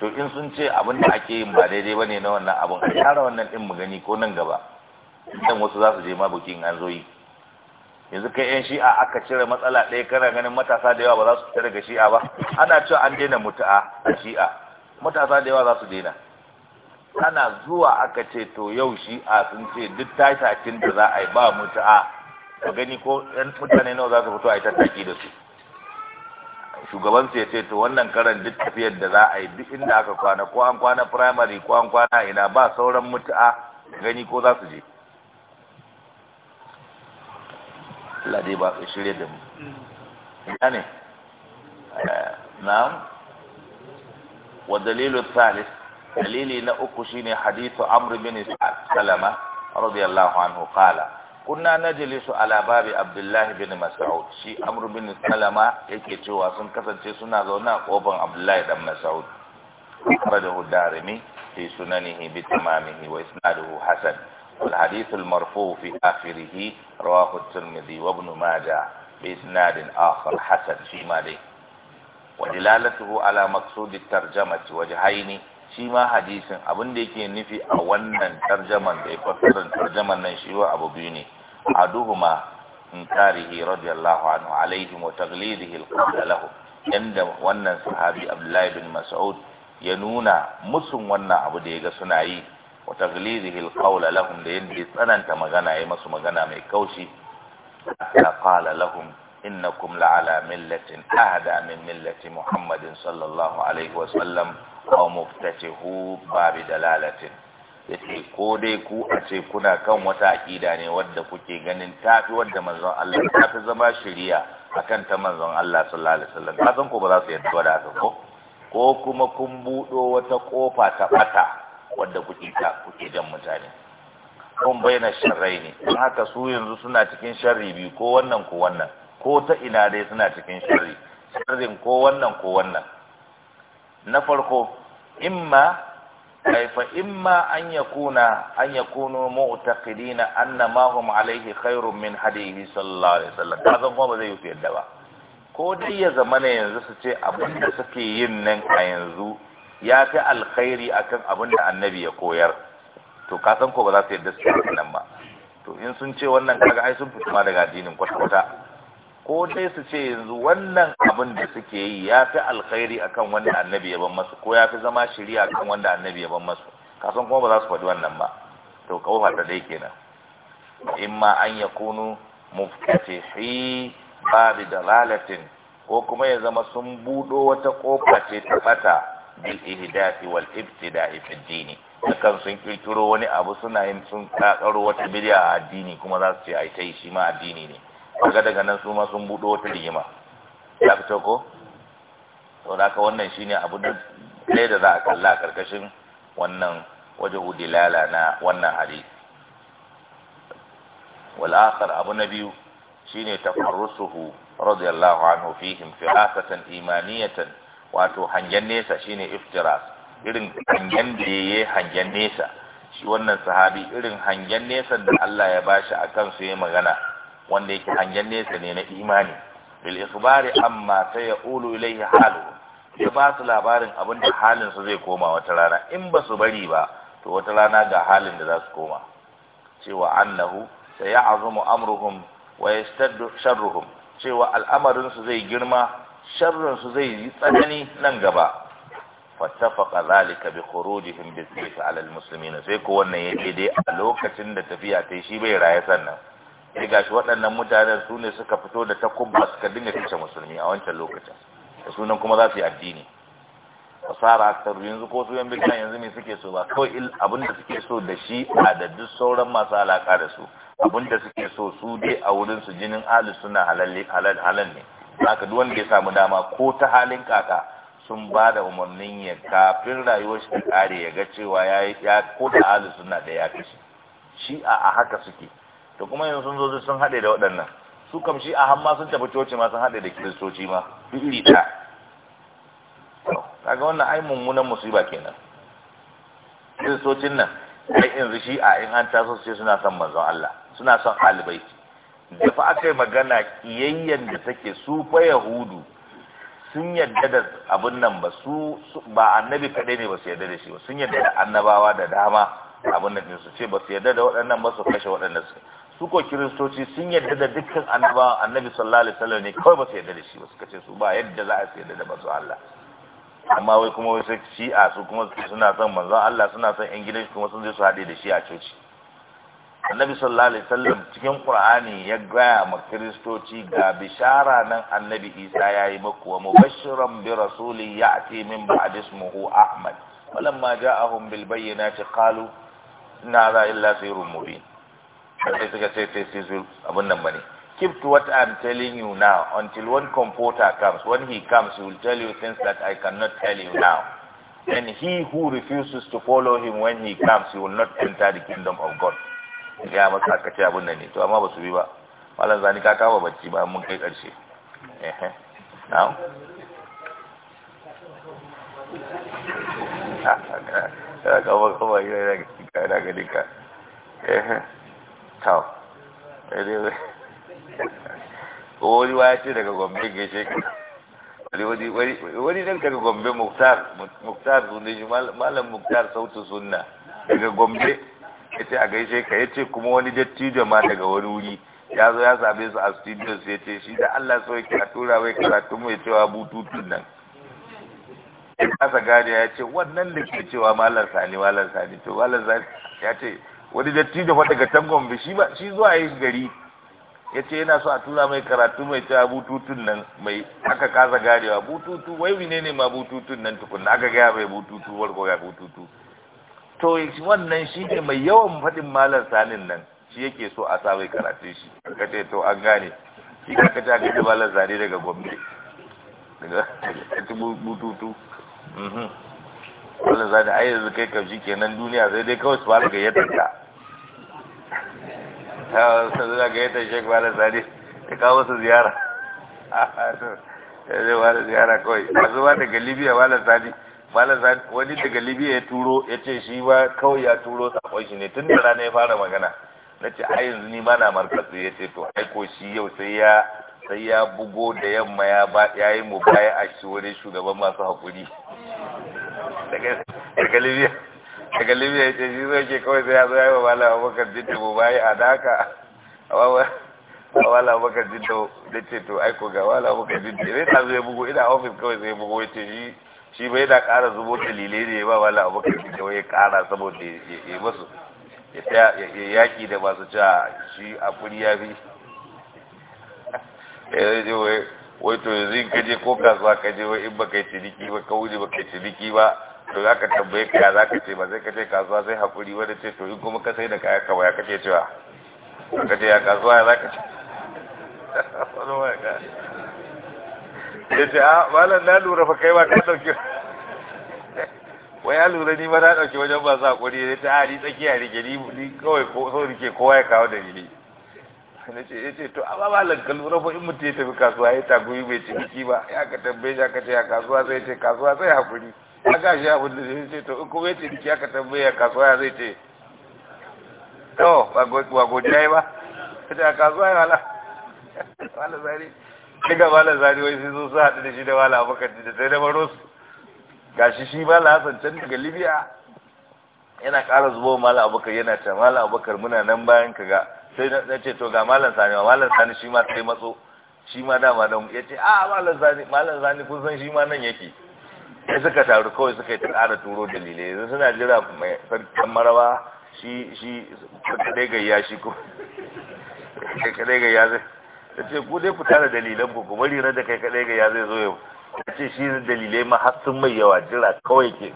to in sun ce abin da ake yin ba daidai bane na wannan abin a tara wannan din mu gani ko nan gaba dan wasu za su je ma bukin an zo yi yanzu kai yan shi'a aka cire matsala ɗaya kana ganin matasa da yawa ba za su fita daga shi'a ba ana cewa an daina mutu'a a shi'a matasa da yawa za su daina ana zuwa aka ce to yau shi'a sun ce duk tashakin da za a yi ba mutu'a ka gani ko yan mutane nawa za su fito a yi tattaki da su shugaban su ya ce to wannan karan duk tafiyar da za a yi duk inda aka kwana ko an kwana primary ko an kwana ina ba sauran mutu'a gani ko za su je ladi ba su shirya da mu ina ne eh, na wa dalilu salis dalili na uku shine hadithu amr bin salama radiyallahu anhu qala Kunna na على باب عبد Abdullahi بن مسعود شي امر بن yake cewa sun kasance suna zauna a kofin Abdullah ibn Mas'ud radahu darimi fi sunanih bi tamamih wa isnaduh hasan wal hadith al marfu fi akhirih rawahu at-Tirmidhi wa Ibn Majah bi isnad akhar shi ma dai wa dilalatuhu ala maqsud at-tarjamati wajhaini shi ma hadisin abin da yake nufi a wannan tarjaman da ya fassarar tarjaman nan shi wa abu biyu ne aduhuma inkarihi radiyallahu anhu alaihim wa taghlidihi alqawla inda wannan sahabi abdullahi bin mas'ud ya nuna musun wannan abu da yaga suna yi wa taghlidihi alqawla lahum da yadda ya tsananta magana ya masu magana mai kaushi hatta qala lahum innakum la'ala millatin ahda min millati muhammadin sallallahu alaihi wa sallam aw muftatihu babi dalalatin yace ko dai ku a ce kuna kan wata aqida ne wadda kuke ganin tafi wadda manzon Allah ta zama shari'a akan ta manzon Allah sallallahu alaihi wasallam ba san ko ba za su yarda da haka ko ko kuma kun budo wata kofa ta bata wadda kuke ta kuke jan mutane kun bayyana sharrai ne haka su yanzu suna cikin sharri biyu ko wannan ko wannan ko ta ina dai suna cikin sharri sharrin ko wannan ko wannan na farko imma ai fa imma an yakuna an yakunu mu'taqidina anna ma hum Alayhi, khairun min hadihi sallallahu alaihi wasallam kuma ba zai yi yadda ba ko dai ya zama ne yanzu su ce abin da suke yin nan a yanzu ya fi alkhairi akan abin da annabi ya koyar to ka san ko ba za su yadda su yi nan ba to in sun ce wannan kaga ai sun fituma daga addinin kwata-kwata ko dai su ce yanzu wannan abin da suke yi ya fi alkhairi akan wanda annabi ya ban masu ko ya fi zama shari'a akan wanda annabi ya ban masu kasan kuma ba za su faɗi wannan ba to kawfa ta dai kenan ma an ya kunu, yakunu ba da dalalatin ko kuma ya zama sun buɗo wata kofa ce ta bata bil ihdafi wal ibtida'i fi dini akan sun kirkiro wani abu suna yin sun kakaro wata a addini kuma za su ce ai tai shi ma addini ne kaga daga nan su ma sun buɗo wata rigima ya fito ko to da wannan shine abu da ɗaya da za a kalla karkashin wannan wajahu dilala na wannan hadisi wal akhar abu na biyu shine tafarrusuhu radiyallahu anhu fihim fi'asatan imaniyatan wato hangen nesa shine iftiras irin hangen da yayi hangen nesa shi wannan sahabi irin hangen nesa da Allah ya bashi akan su yi magana wanda yake hangen nesa ne na imani bil ikhbari amma sayaqulu ilayhi halu ya ba su labarin abin da halin su zai koma wata rana in ba su bari ba to wata rana ga halin da za su koma cewa annahu sayazumu amruhum wa yastaddu sharruhum cewa al'amarin su zai girma sharrin su zai yi tsanani nan gaba fattafaqa zalika bi khurujihim bi sayf ala sai ko wannan yake dai a lokacin da tafiya ta shi bai raye sannan sai eh, gashi waɗannan mutanen su ne suka fito da takubba suka dinga kashe musulmi a wancan lokacin da sunan kuma za su yi addini fasara aktaru yanzu ko su yan kan yanzu mai suke so ba kawai abinda suke so da shi a da duk sauran masu alaka da su abinda da suke so su dai a wurin su jinin ahlus suna halal halal ne haka duk wanda ya samu dama ko ta halin kaka sun ba da umarnin ya kafin rayuwar shi ta kare ya ga cewa ya ko da ahlus sunna da ya fi shi a haka suke to kuma yanzu sun zo sun haɗe da waɗannan su kamshi a hamma sun tafi coci ma sun haɗe da kiristoci ma iri ta kaga wannan ai mummunan musiba kenan kiristocin nan ai yanzu shi a in an taso sai suna son manzon Allah suna son alibai da fa aka yi magana kiyayyen da take su fa yahudu sun yadda da abun nan ba su ba annabi kadai ne ba su yadda da shi ba sun yadda da annabawa da dama abun nan su ce ba su yadda da waɗannan ba su kashe waɗannan su suko kiristoci sun yadda da dukkan annaba annabi sallallahu alaihi wasallam ne kawai ba su yadda da shi ba suka ce su ba yadda za a su yadda da masu Allah amma wai kuma wasu shi'a su kuma suna son manzon Allah suna son yan gidan kuma sun je su haɗe da shi a coci annabi sallallahu alaihi wasallam cikin qur'ani ya gaya ma kiristoci ga bishara nan annabi isa yayi maku wa mubashiran bi rasuli ya'ti min ba'd ismihi ahmad falamma ja'ahum bil bayyinati qalu na hadha illa sirrun mubin sai suka ce abun nan bane keep to what I'm telling you now until one comforter comes when he comes he will tell you things that I cannot tell you now and he who refuses to follow him when he comes he will not enter the kingdom of God ya ce abun nan ne to amma ba su bi ba malam zani ka kawo bacci ba mun kai karshe eh now ka ka to wani ya ce daga gombe gaishe ka wani dan daga gombe muktar muktar sunne shi malam muktar sautu sunna daga gombe ya ce a gaishe ka ya ce kuma wani dattijo ma daga wani wuri ya zo ya same su a studio ya ce shi da Allah so yake a tura mai karatu mai cewa bututun nan ya kasa gane ya ce wannan da ke cewa malar sani malar sani to malar sani ya ce wani dattijo fa daga can gombe shi ba shi zuwa yin gari ya ce yana so a tura mai karatu mai cewa bututun nan mai aka kasa garewa bututu wai mine ne ma bututun nan tukun aka gaya mai bututu warko ga bututu to wannan shi ne mai yawan faɗin malar sanin nan shi yake so a sa mai karatu shi ka ce to an gane shi ka kaca aka ce malar sani daga gombe daga bututu mhm. malar sani da yanzu kai kamshi kenan duniya sai dai kawai su fara gayyatar ka ta shek sadi kawo su ziyara zai ziyara kawai sadi sadi wani daga libya ya turo ya ce shi ba kawai ya turo sakon shi ne tun da rana ya fara magana na ce a yanzu ni ba na markatsu ya ce to aiko shi yau sai ya bugo da yamma ya ba yi mu baya a shi wurin shugaban masu haƙuri daga libya daga libya ce shi zai ke kawai sai ya zo ya yi wa wala abubakar jidda ba ya adaka a wala abubakar jidda da ce to aiko ga wala abubakar jidda zai ta zo ya bugu ina ofis kawai sai ya bugu ya ce shi bai da kara zubo dalilai ne ba wala abubakar jidda wai ya kara saboda ya masu ya yaki da masu cewa shi a kuri ya fi zai wai to yanzu in kaje ko kasuwa kaje wai in baka yi ciniki ba ka wuce baka yi ciniki ba to za ka tambaye ka za ka ce ba zai kace kasuwa sai haƙuri wadda ce to in kuma ka sai da kaya ka waya kace cewa ka ce ya kasuwa ya za ka ce ya ce a ah, malam na lura fa kai ba ka ɗauki wai ya lura ni ba na ɗauki wajen ba a haƙuri ya ce a ah, ni tsakiya rike ni kawai ko so rike kowa ya kawo dalili na ce ya ce to a ba malam ka lura fa in mutum ya tafi kasuwa ya yi bai ciki ba ya ka tambaye ya ka ce ya kasuwa sai ce kasuwa sai haƙuri a gashi abin da zai ce to in kuma ya ce biki aka tambaya kasuwa ya zai ce to ba godiya ba ta kasuwa ya wala wala zari ga wala zari wai sai zo su haɗu da shi da wala abokan da ta yi da baro su gashi shi mala hasan can daga libya yana ƙara zuba zubo mala abokan yana ta mala abokan muna nan bayan ka ga sai na ce to ga malam sani ma malam sani shi ma sai matso shi ma dama da ya ce a ah, malam sani malam sani kun san shi ma nan yake ya suka taru kawai suka yi ta ƙara turo dalilai yanzu suna jira mai sarkin marawa shi shi kadai gayya shi ko kai kadai gayya zai ta ce ku dai ku tara dalilan ku kuma rira da kai kadai gayya zai zo yau ta ce shi dalilai ma har sun mai yawa jira kawai ke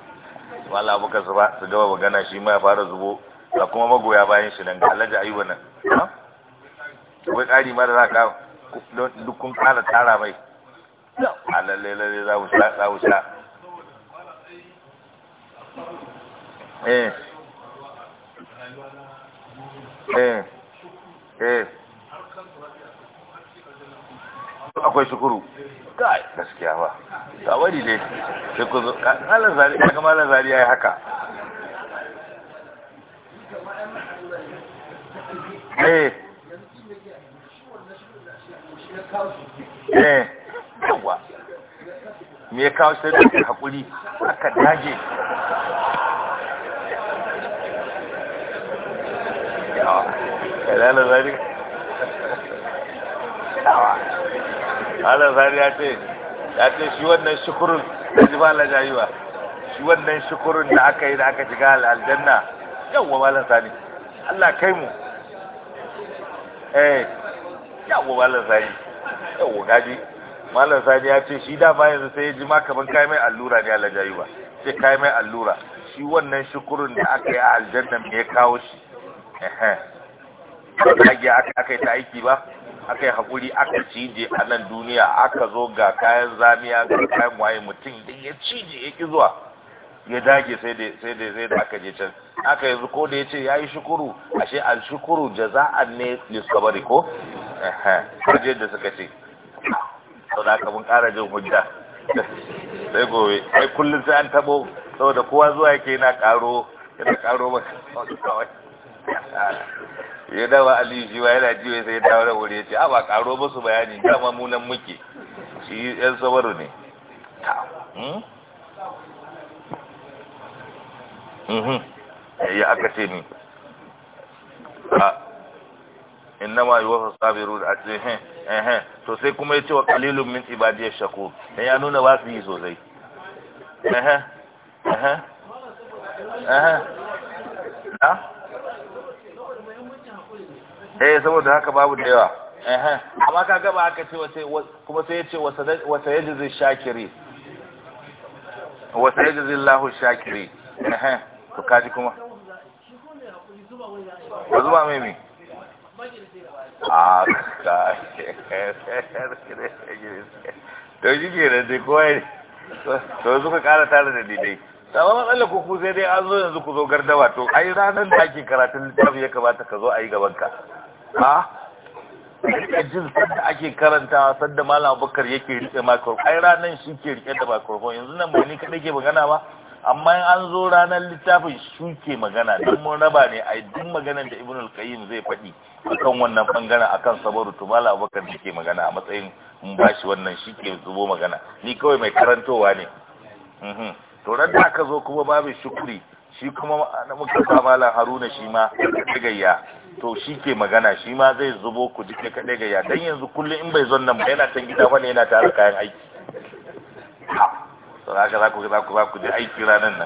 wala muka su ba su gaba magana shi ma ya fara zubo ba kuma magoya bayan shi nan ga alhaji ayuba nan Wai ƙari ma da za ka duk kun ƙara tara mai a lalle lalle za mu sha Eh. Eh. Eh. akwai shukuru gaskiya ba wani ne sai zo zari ya kama zari ya yi haka eh eh yawa me ya kawo sai da haƙuri aka dage kada zari ala zari ya ce ya ce shi wannan shukurun da ji ba lajayiwa shi wannan shukurun da aka yi da aka shiga aljanna yawwa malam sani Allah kai mu eh yawwa malam sani yawwa gaji malam sani ya ce shi da ba yanzu sai ya ji ma kaman kai mai allura ne alajayiwa sai kai mai allura shi wannan shukurun da aka yi a aljanna me ya kawo shi rage aka yi ta aiki ba aka yi haƙuri aka cije a nan duniya aka zo ga kayan zamiya ga kayan waye mutum da ya cije ya ƙi zuwa ya dage sai da sai da sai da aka je can aka yanzu ko da ya ce ya yi shukuru ashe an shukuru jaza'an ne discovery ko eh eh da suka ce sau da aka mun ƙara jin hujja sai gobe ai kullum sai an taɓo saboda kowa zuwa yake yana ƙaro yana karo maka ya dawa aliyu shi wa yana jiwa sai ya dawo da wuri ya ce a ba karo ba su bayani dama munan muke shi yan sabaru ne hmm? Hmm, hmm. ya aka ce ni a inna ma yi wasu sabiru da a ce to sai kuma ya ce wa kalilun min ibadiyar shako ne ya nuna ba su yi sosai ehem ehem ehem eh, na eh. eh saboda haka babu da yawa amma ka gaba aka ce kuma sai ya ce wasa ya jizin shakiri wasa ya jizin lahu shakiri to kaji kuma ba zuba mai mai a ka to shi ke da dai kowai to suka kara tare da didai sama matsala ku sai dai an zo yanzu ku zo gardawa to ai ranar da ake karatun littafi ya kamata ka zo a yi gabanka ha a jin sanda ake karanta sanda malam abubakar yake rike microphone ai ranar shi ke rike da microphone yanzu nan ba ni kada ke magana ba amma in an zo ranar littafin shi ke magana don mun raba ne a duk maganar da ibn al-qayyim zai faɗi akan wannan bangaren akan sabaru to malam abubakar da ke magana a matsayin mun bashi wannan shi ke zubo magana ni kawai mai karantowa ne mhm. to ran da aka zo kuma babu shukuri shi kuma muka sa malam haruna shi ma ya gayya to shi ke magana shi ma zai zubo ku ji kaɗe gayya don yanzu kullum in bai zon nan ba yana can gida wani yana tare kayan aiki to haka za ku za ku za ku ji aiki ranar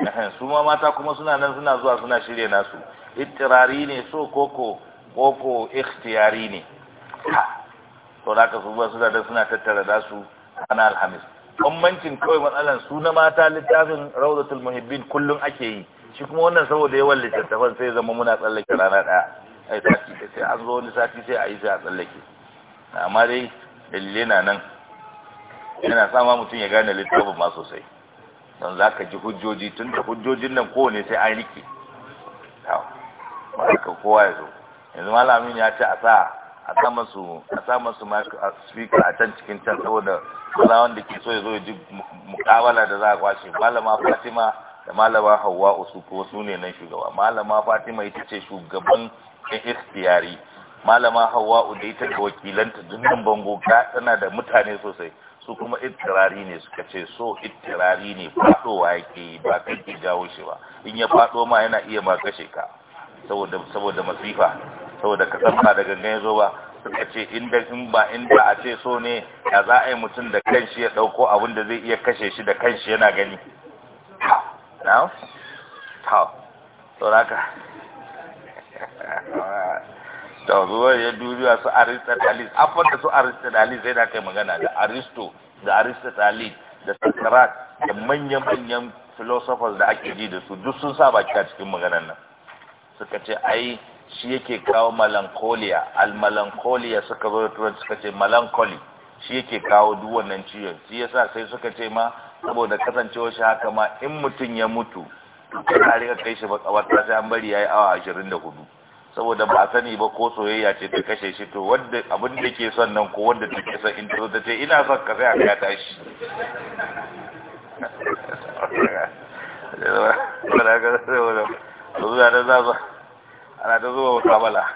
nan su ma mata kuma suna nan suna zuwa suna shirya nasu ittirari ne so koko koko ikhtiyari ne to da ka su ba suna da suna tattara da su ana alhamis bambancin kawai matsalan su na mata littafin rawdatul muhibbin kullum ake yi shi kuma wannan saboda yawan littattafan sai zama muna tsallake rana daya ai sati sai an zo wani sati sai a yi sai a tsallake amma dai dalile na nan yana sama mutum ya gane littafin ma sosai don za ka ji hujjoji tun da hujjojin nan kowane sai an rike ba kowa ya zo yanzu malamin ya ce a sa a sama su a a can cikin can saboda kula wanda ke so ya zo ya ji mukawala da za a kwashe malama fatima da malama hawa usu ko su ne nan shugaba malama fatima ita ce shugaban istiyari malama hawa da ita da wakilanta dukkan bango ka tana da mutane sosai su kuma itirari ne suka ce so itirari ne fadowa yake ba kai ke jawo shi ba in ya fado ma yana iya ma kashe ka saboda saboda masifa saboda ka san ba da gangan ya zo ba suka ce inda in ba inda a ce so ne da za a yi mutum da kanshi ya ɗauko abin da zai iya kashe shi da kanshi yana gani now to haka zuwa ya duniya su aristotelis afon da su aristotelis zai da kai magana da aristo da aristotelis da sakarat da manya-manyan philosophers da ake ji da su duk sun sa baki a cikin maganan nan suka ce ai shi yake kawo melancholia al melancholia suka zo turanci suka ce melancholy shi yake kawo duk wannan ciwon shi yasa sai suka ce ma saboda kasancewar shi haka ma in mutum ya mutu to ka kai shi matsawarta sai an bari ya yi awa ashirin da hudu saboda ba a sani ba ko soyayya ce ta kashe shi to wadda abin da ke son nan ko wadda ta ke son in ta ce ina son ka sai aka ya tashi Saboda haka saboda, za su ana ta zuwa wata bala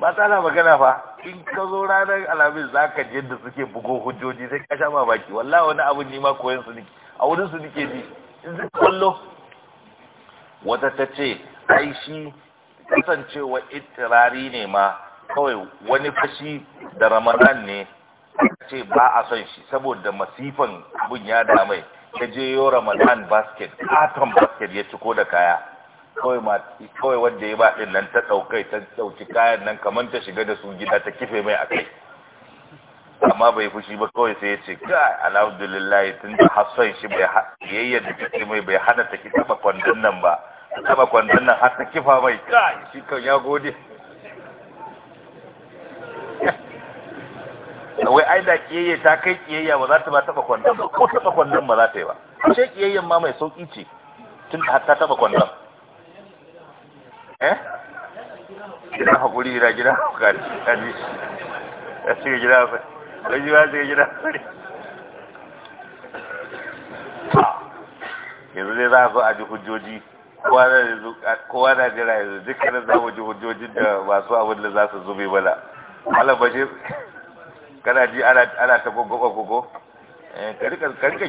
ba ta na magana fa in ka zo ranar alamin za ka je da suke bugo hujjoji sai ka sha baki. Walla wani abin nima koyan su ne a wurin su nike ne in zai kwallo wata ta ce ai shi kasancewa itirari ne ma kawai wani fashi da ramadan ne ce ba a son shi saboda masifan abin ya damai ta je yo ramadan basket atom basket ya ciko da kaya kawai wanda ya ba ɗin nan ta ɗaukai ta ɗauki kayan nan kamar ta shiga da su gida ta kife mai a kai amma bai fushi ba kawai sai ya ce kai alhamdulillah tun da hassan shi bai yayya da take mai bai hana ta ki ba kwandon nan ba ta taba kwandon nan har ta kifa mai kai shi kan ya gode wai ai da kiyayya ta kai kiyayya ba za ta ba taba kwandon ba ko taba kwandon ba za ta yi ba sai kiyayyan ma mai sauki ce tun da har ta taba kwandon eh gidan hakuri gida yanzu dai za a zo a ji hujjoji kowa na jira yanzu dukkanin za mu ji da masu abin da za su zube bala malam bashir kana ji ana ta gogoba gogo eh,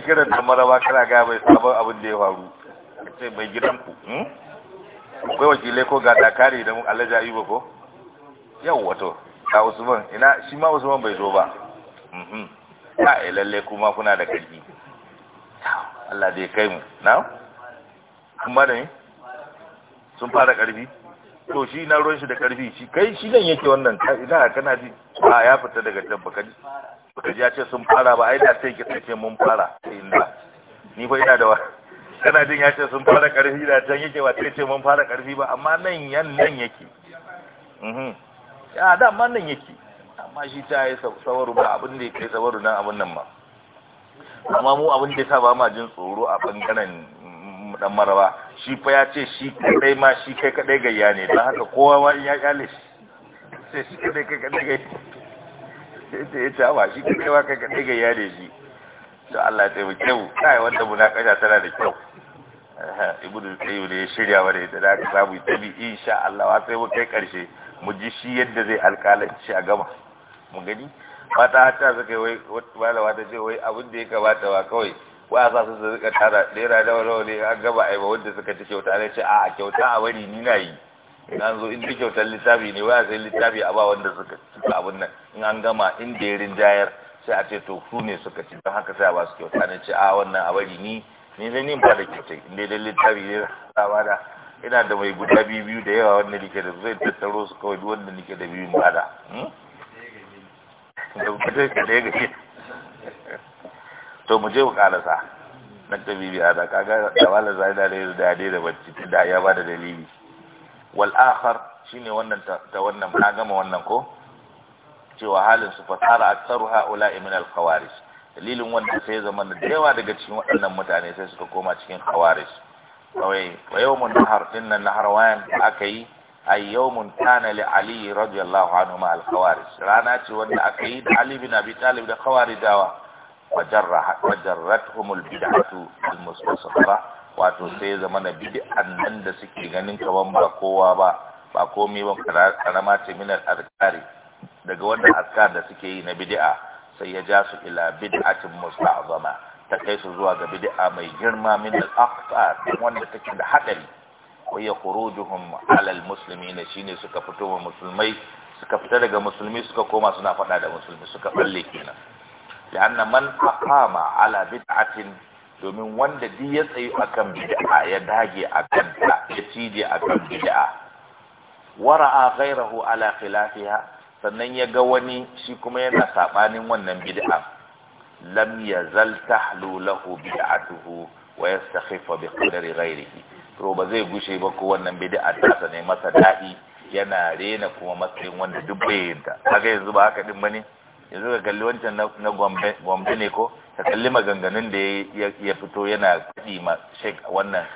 kiran da maraba kana gaba sabon abin da ya faru ce mai gidanku hmm? akwai wakilai ko ga dakari da mun alaja ayuba ko yau wato a usman ina shi ma usman bai zo ba mhm ta eh, lalle kuma kuna da karfi Allah dai kai mu na kuma da ni sun fara karfi to shi na ruwan shi da karfi shi kai shi zan yake wannan ina kana ji ba ya fita daga can baka ji baka ji ya ce sun fara ba ai da sai ki tsace mun fara inda ni fa ina da wa tana jin ya ce sun fara karfi da can yake ba sai ce mun fara karfi ba amma nan yan nan yake mhm. ya da amma nan yake amma shi ta yi sawaru ba abin da ya kai sawaru nan abin nan ma amma mu abin da ya sa ba ma jin tsoro a bangaren dan maraba shi fa ya ce shi kadai ma shi kai kadai gayya ne don haka kowa ma in ya kyale shi sai shi kadai kai kadai gayya sai ya ce ba shi kadai ma kai kadai gayya ne shi to Allah ya taimake mu kai wanda kasha tana da kyau ibnu qayyim da ya shirya wa da za ka samu tabi insha Allah wa sai mu kai karshe mu ji shi yadda zai alƙalanci a gama mu gani ta hatta suka yi wai malama ta ce wai abin da ya kamata ba kawai wa sa su su rika tara naira nawa wani ne an gama aiba wanda suka ci kyauta ne ce a kyauta a wani ni na yi na zo in ji kyautar littafi ne waya sai littafi a ba wanda suka cika abin nan in an gama in da ya rinjayar sai a ce to su ne suka ci don haka sai a ba su kyauta ne ce a wannan a bari ni ni zan ba da kyautai inda da littafi ne tsawa da ina da mai guda biyu biyu da yawa wanda nike da zai tattaro su kawai duk wanda nike da biyun bada da hmm? to mu je mu karasa na ta a da kaga da wala zai da da dai da bacci tun da ya bada dalili wal akhar shine wannan ta wannan na gama wannan ko cewa halin su fasara aktsaru haula'i min al khawarij dalilin wanda sai zama da yawa daga cikin waɗannan mutane sai suka koma cikin khawarij kawai wa mun nahar din nan nahar wayan da aka yi yau mun tana li ali radiyallahu anhu ma al rana ce wanda aka yi da ali bin abi talib da khawarijawa wajarra wajarratuhum al bid'atu al mustasfara wato sai zama da bid'an nan da suke ganin kaman ba kowa ba ba komai ba karama ce min al daga wannan askar da suke yi na bid'a sai ya ja su ila bid'atin musta'zama ta kai su zuwa ga bid'a mai girma min al-aqtar wanda take da hadari wa ya khurujuhum ala al-muslimin shine suka fito wa musulmai suka fita daga musulmi suka koma suna fada da musulmi suka balle kenan lianna man aqama ala bid'atin domin wanda duk ya tsayi akan bid'a ya dage akan ta ya cije akan bid'a wara'a ghairahu ala sannan ya ga wani shi kuma yana saɓanin wannan bid'a lam yazal tahlu lahu bid'atuhu wa yastakhifa bi qadari ghairihi to ba zai gushe ba ko wannan bid'a ta ne masa daɗi yana rena kuma matsayin wanda duk bai yinta kaga yanzu ba haka din bane yanzu ka kalli wancan na Gombe ne ko ka kalli maganganun da ya fito yana kaɗi ma Sheikh wannan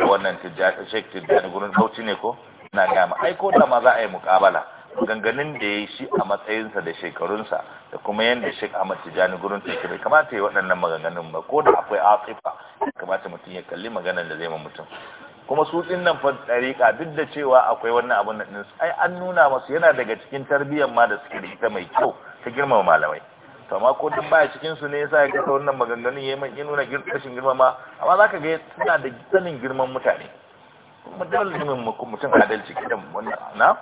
wannan Tijjani Tijjani gurin ne ko na gama aiko da ma za a yi muƙabala maganganun da ya yi shi a matsayinsa da shekarunsa da kuma yadda shek Ahmad Tijani gurin teku bai kamata ya waɗannan maganganun ba ko da akwai atifa kamata mutum ya kalli maganar da zai ma mutum kuma su ɗin nan fa duk da cewa akwai wannan abun nan ai an nuna masu yana daga cikin tarbiyyar ma da suke da ita mai kyau ta girmama malamai to amma ko duk baya cikin su ne yasa ya kasa wannan maganganun man ya nuna rashin girmama amma ka ga suna da sanin girman mutane mutum mutum adalci kidan wannan na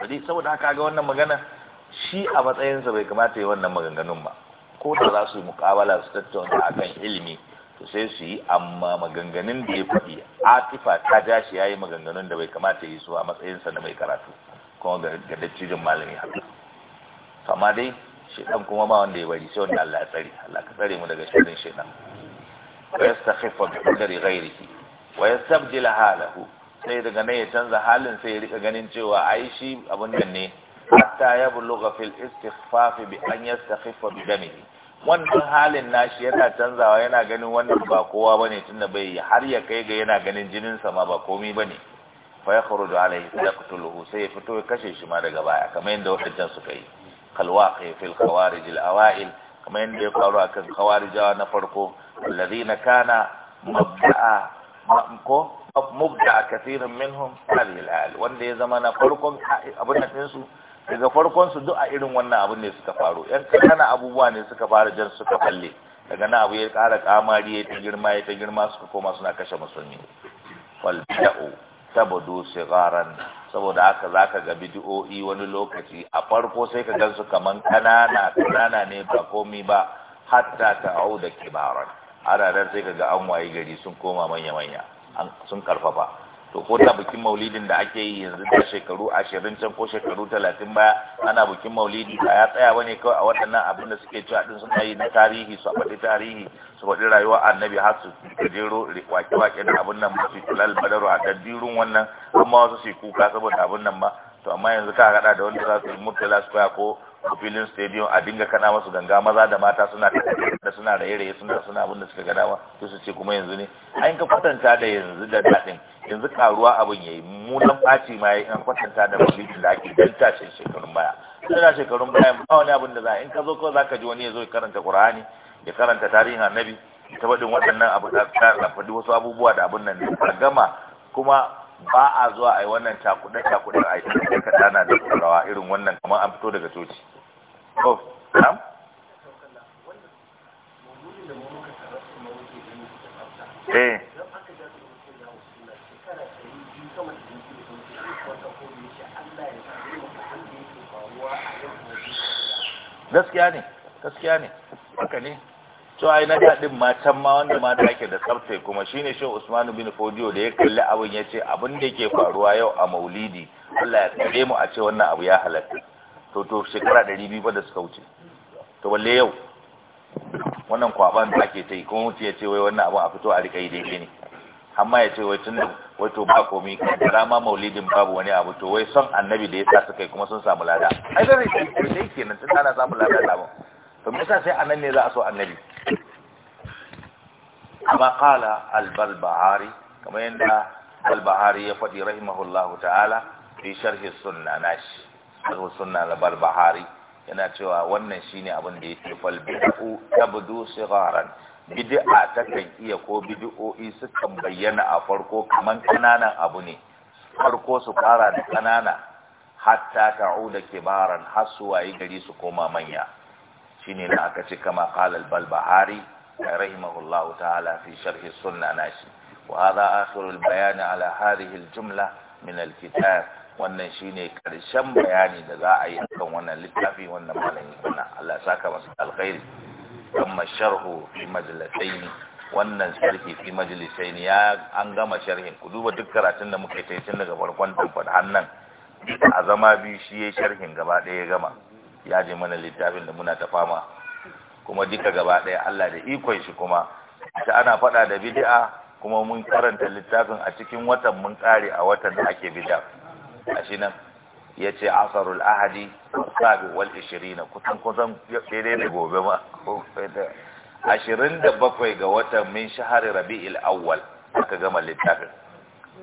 bari saboda haka ga wannan magana shi a matsayinsa bai kamata yi wannan maganganun ba ko da za su yi mukabala su tattauna a kan ilimi to sai su yi amma maganganun da ya faɗi atifa ta ja shi ya yi maganganun da bai kamata yi su a matsayinsa na mai karatu kuma ga gadaccijin malami haka amma dai shaidan kuma ba wanda ya bari sai wanda Allah ya tsare Allah ka tsare mu daga shirin shaidan wa yastakhiffa bi ghairihi wa yastabdil halahu sai daga nan ya canza halin sai ya rika ganin cewa ai shi abun nan ne hatta ya buluga fil istighfaf bi an yastakhiffa bi damihi wannan halin nashi yana canzawa yana ganin wannan ba kowa bane tunda bai har ya kai ga yana ganin jinin sa ma ba komai bane fa yakhruju alayhi fayaqtuluhu sai ya fito ya kashe shi ma daga baya kamar yadda wadannan suka yi kalwaqi fil khawarij al awail kamar yadda ya faru akan khawarijawa na farko alladhina kana mabda'a ko mubda kathirin minhum hadhihi al wanda ya zama na farkon abin da tinsu daga farkon su duk a irin wannan abin ne suka faru yan kana abubuwa ne suka fara jan suka falle daga na abu ya kara kamari ya ta girma ya ta girma suka koma suna kashe musulmi wal ta'u tabdu sigaran saboda haka zaka ga bid'o'i wani lokaci a farko sai ka gansu kaman kanana kanana ne ba komi ba hatta da kibaran ana nan sai ka ga an waye gari sun koma manya manya sun karfafa to ko ta bikin maulidin da ake yi yanzu da shekaru ashirin can ko shekaru talatin baya ana bikin maulidi ba ya tsaya bane kawai a waɗannan abin da suke cewa din suna yi na tarihi su faɗi tarihi su faɗi rayuwa annabi har su gajero wake-wake da abin nan ba su tulal a daddirun wannan amma wasu su kuka saboda abin nan ba to amma yanzu ka haɗa da wanda za su yi murtala square ko a filin stadium a dinga kana masu ganga maza da mata suna da suna da yare suna suna abin da suka ga dama to su ce kuma yanzu ne an ka kwatanta da yanzu da daɗin yanzu karuwa abin yayi munan baci ma yayi an kwatanta da mulkin da ake dan tashin shekarun baya suna shekarun baya ba wani abin da za in ka zo ko zaka ji wani ya zo ya karanta qur'ani ya karanta tarihin annabi ta faɗin waɗannan abu da faɗi wasu abubuwa da abin nan da gama kuma ba a zuwa a yi wannan cakuɗe-cakuɗe a yi kaɗana da rawa irin wannan kamar an fito daga coci Oh, eh. gaskiya ne gaskiya ne haka ne to ai na daɗin matan ma wanda ma da ake da tsaftai kuma shi ne shi Usmanu bin Fodiyo da ya kalli abin ya ce abin da ke faruwa yau a Maulidi Allah ya tsare mu a ce wannan abu ya halatta to to shekara ɗari biyu da suka wuce to balle yau wannan kwaban da ake ta yi kuma mutum ya ce wai wannan abin a fito a riƙa yi daidai ne amma ya ce wai tun da wai to ba komi kaddara ma maulidin babu wani abu to wai son annabi da ya sa suka yi kuma sun samu lada ai zai da sai kenan tun ana samu lada da mu to me yasa sai anan ne za a so annabi amma qala al-balbahari kamar yadda al-bahari ya faɗi rahimahullahu ta'ala fi sharhi sunna nashi sharhu sunna na yana cewa wannan shine abin da ya fal bid'u tabdu sigharan bid'a takan iya ko bid'o'i sukan bayyana a farko kaman kananan abu ne farko su fara da kanana hatta ta'uda kibaran har su wayi gari su koma manya shine na aka ce kama qala al-balbahari rahimahullahu ta'ala fi sharhi sunna nashi wa hadha akhiru al-bayan ala hadhihi al-jumla min kitab wannan shine karshen bayani da za a yi akan wannan littafi wannan malami bana Allah saka masa alkhairi amma sharhu fi majlisaini wannan sharhi fi majlisaini ya an gama sharhin ku duba duk karatun da muka yi tun daga farkon tabbat hannan a zama biyu shi ya sharhin gaba ɗaya ya gama ya je mana littafin da muna ta fama kuma duka gaba ɗaya Allah da ikon shi kuma ta ana faɗa da bid'a kuma mun karanta littafin a cikin watan mun kare a watan da ake bid'a gashi nan ya ce asarul ahadi sabi wal ishirina kusan kusan daidai da gobe ma ashirin da bakwai ga watan min shahari rabi'il awwal aka gama littafin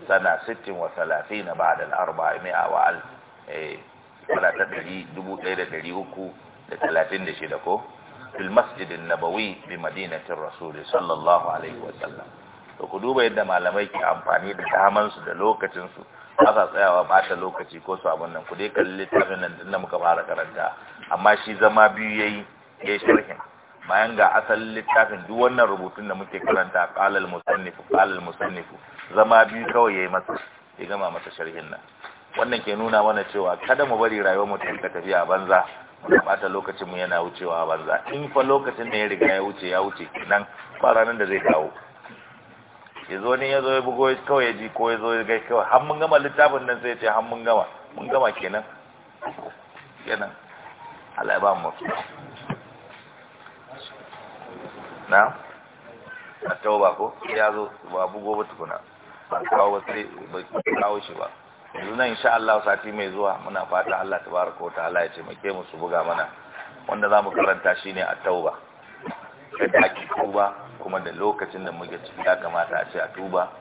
sana sittin wa salafi na ba da al'arba mi'a wa al wala eh, ta ɗari dubu ɗaya da ɗari uku da talatin da shida ko fil masjidin nabawi bi madinatin rasuli sallallahu alaihi wa sallam to ku duba yadda malamai ke amfani da damansu da lokacinsu basa tsayawa bata lokaci ko su abin nan ku dai kalli littafin nan din da muka fara karanta amma shi zama biyu yayi yayi sharhin bayan ga asalin littafin duk wannan rubutun da muke karanta qalal musannif qalal musannif zama biyu kawai yayi masa ya gama masa sharhin nan wannan ke nuna mana cewa kada mu bari rayuwar mu ta tafiya a banza mu bata lokacin mu yana wucewa a banza in fa lokacin da ya riga ya wuce ya wuce nan ba ranar da zai dawo zo ne zo ya bugo kawai ya ji ko ya zo ya ga kawai har mun gama littafin nan sai ya ce har mun gama mun gama kenan kenan Allah ya ba mu na a tauba ko ya zo ba bugo ba tukuna ba kawo ba sai ba kawo shi ba yanzu nan insha Allah sati mai zuwa muna fata Allah tabaraka wa ta'ala ya ce mu ke mu su buga mana wanda zamu karanta shine at-tauba da ake tuba kuma da lokacin da muke ciki ya kamata a ce a tuba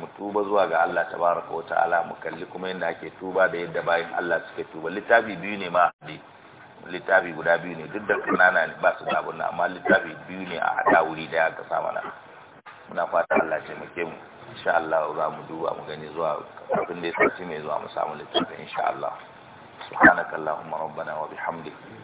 mu tuba zuwa ga Allah tabaraka wata'ala mu kalli kuma yadda ake tuba da yadda bayan Allah suke tuba littafi biyu ne ma dai littafi guda biyu ne duk da kanana ne ba su da abun amma littafi biyu ne a hada wuri daya ka sa mana muna fata Allah ce muke mu insha Allah za mu duba mu gani zuwa kafin da ya sace mai zuwa mu samu littafin insha Allah subhanakallahumma rabbana wa bihamdika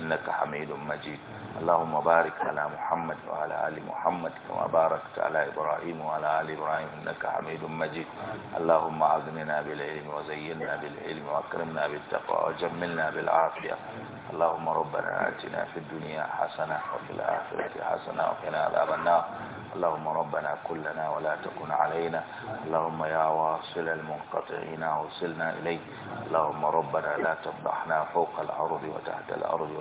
إنك حميد مجيد اللهم بارك على محمد وعلى آل محمد كما باركت على إبراهيم وعلى آل إبراهيم إنك حميد مجيد اللهم أغننا بالعلم وزينا بالعلم وأكرمنا بالتقوى وجملنا بالعافية اللهم ربنا آتنا في الدنيا حسنة وفي الآخرة حسنة وقنا عذاب النار اللهم ربنا كلنا ولا تكن علينا اللهم يا واصل المنقطعين وصلنا إليك اللهم ربنا لا تفضحنا فوق الأرض وتحت الأرض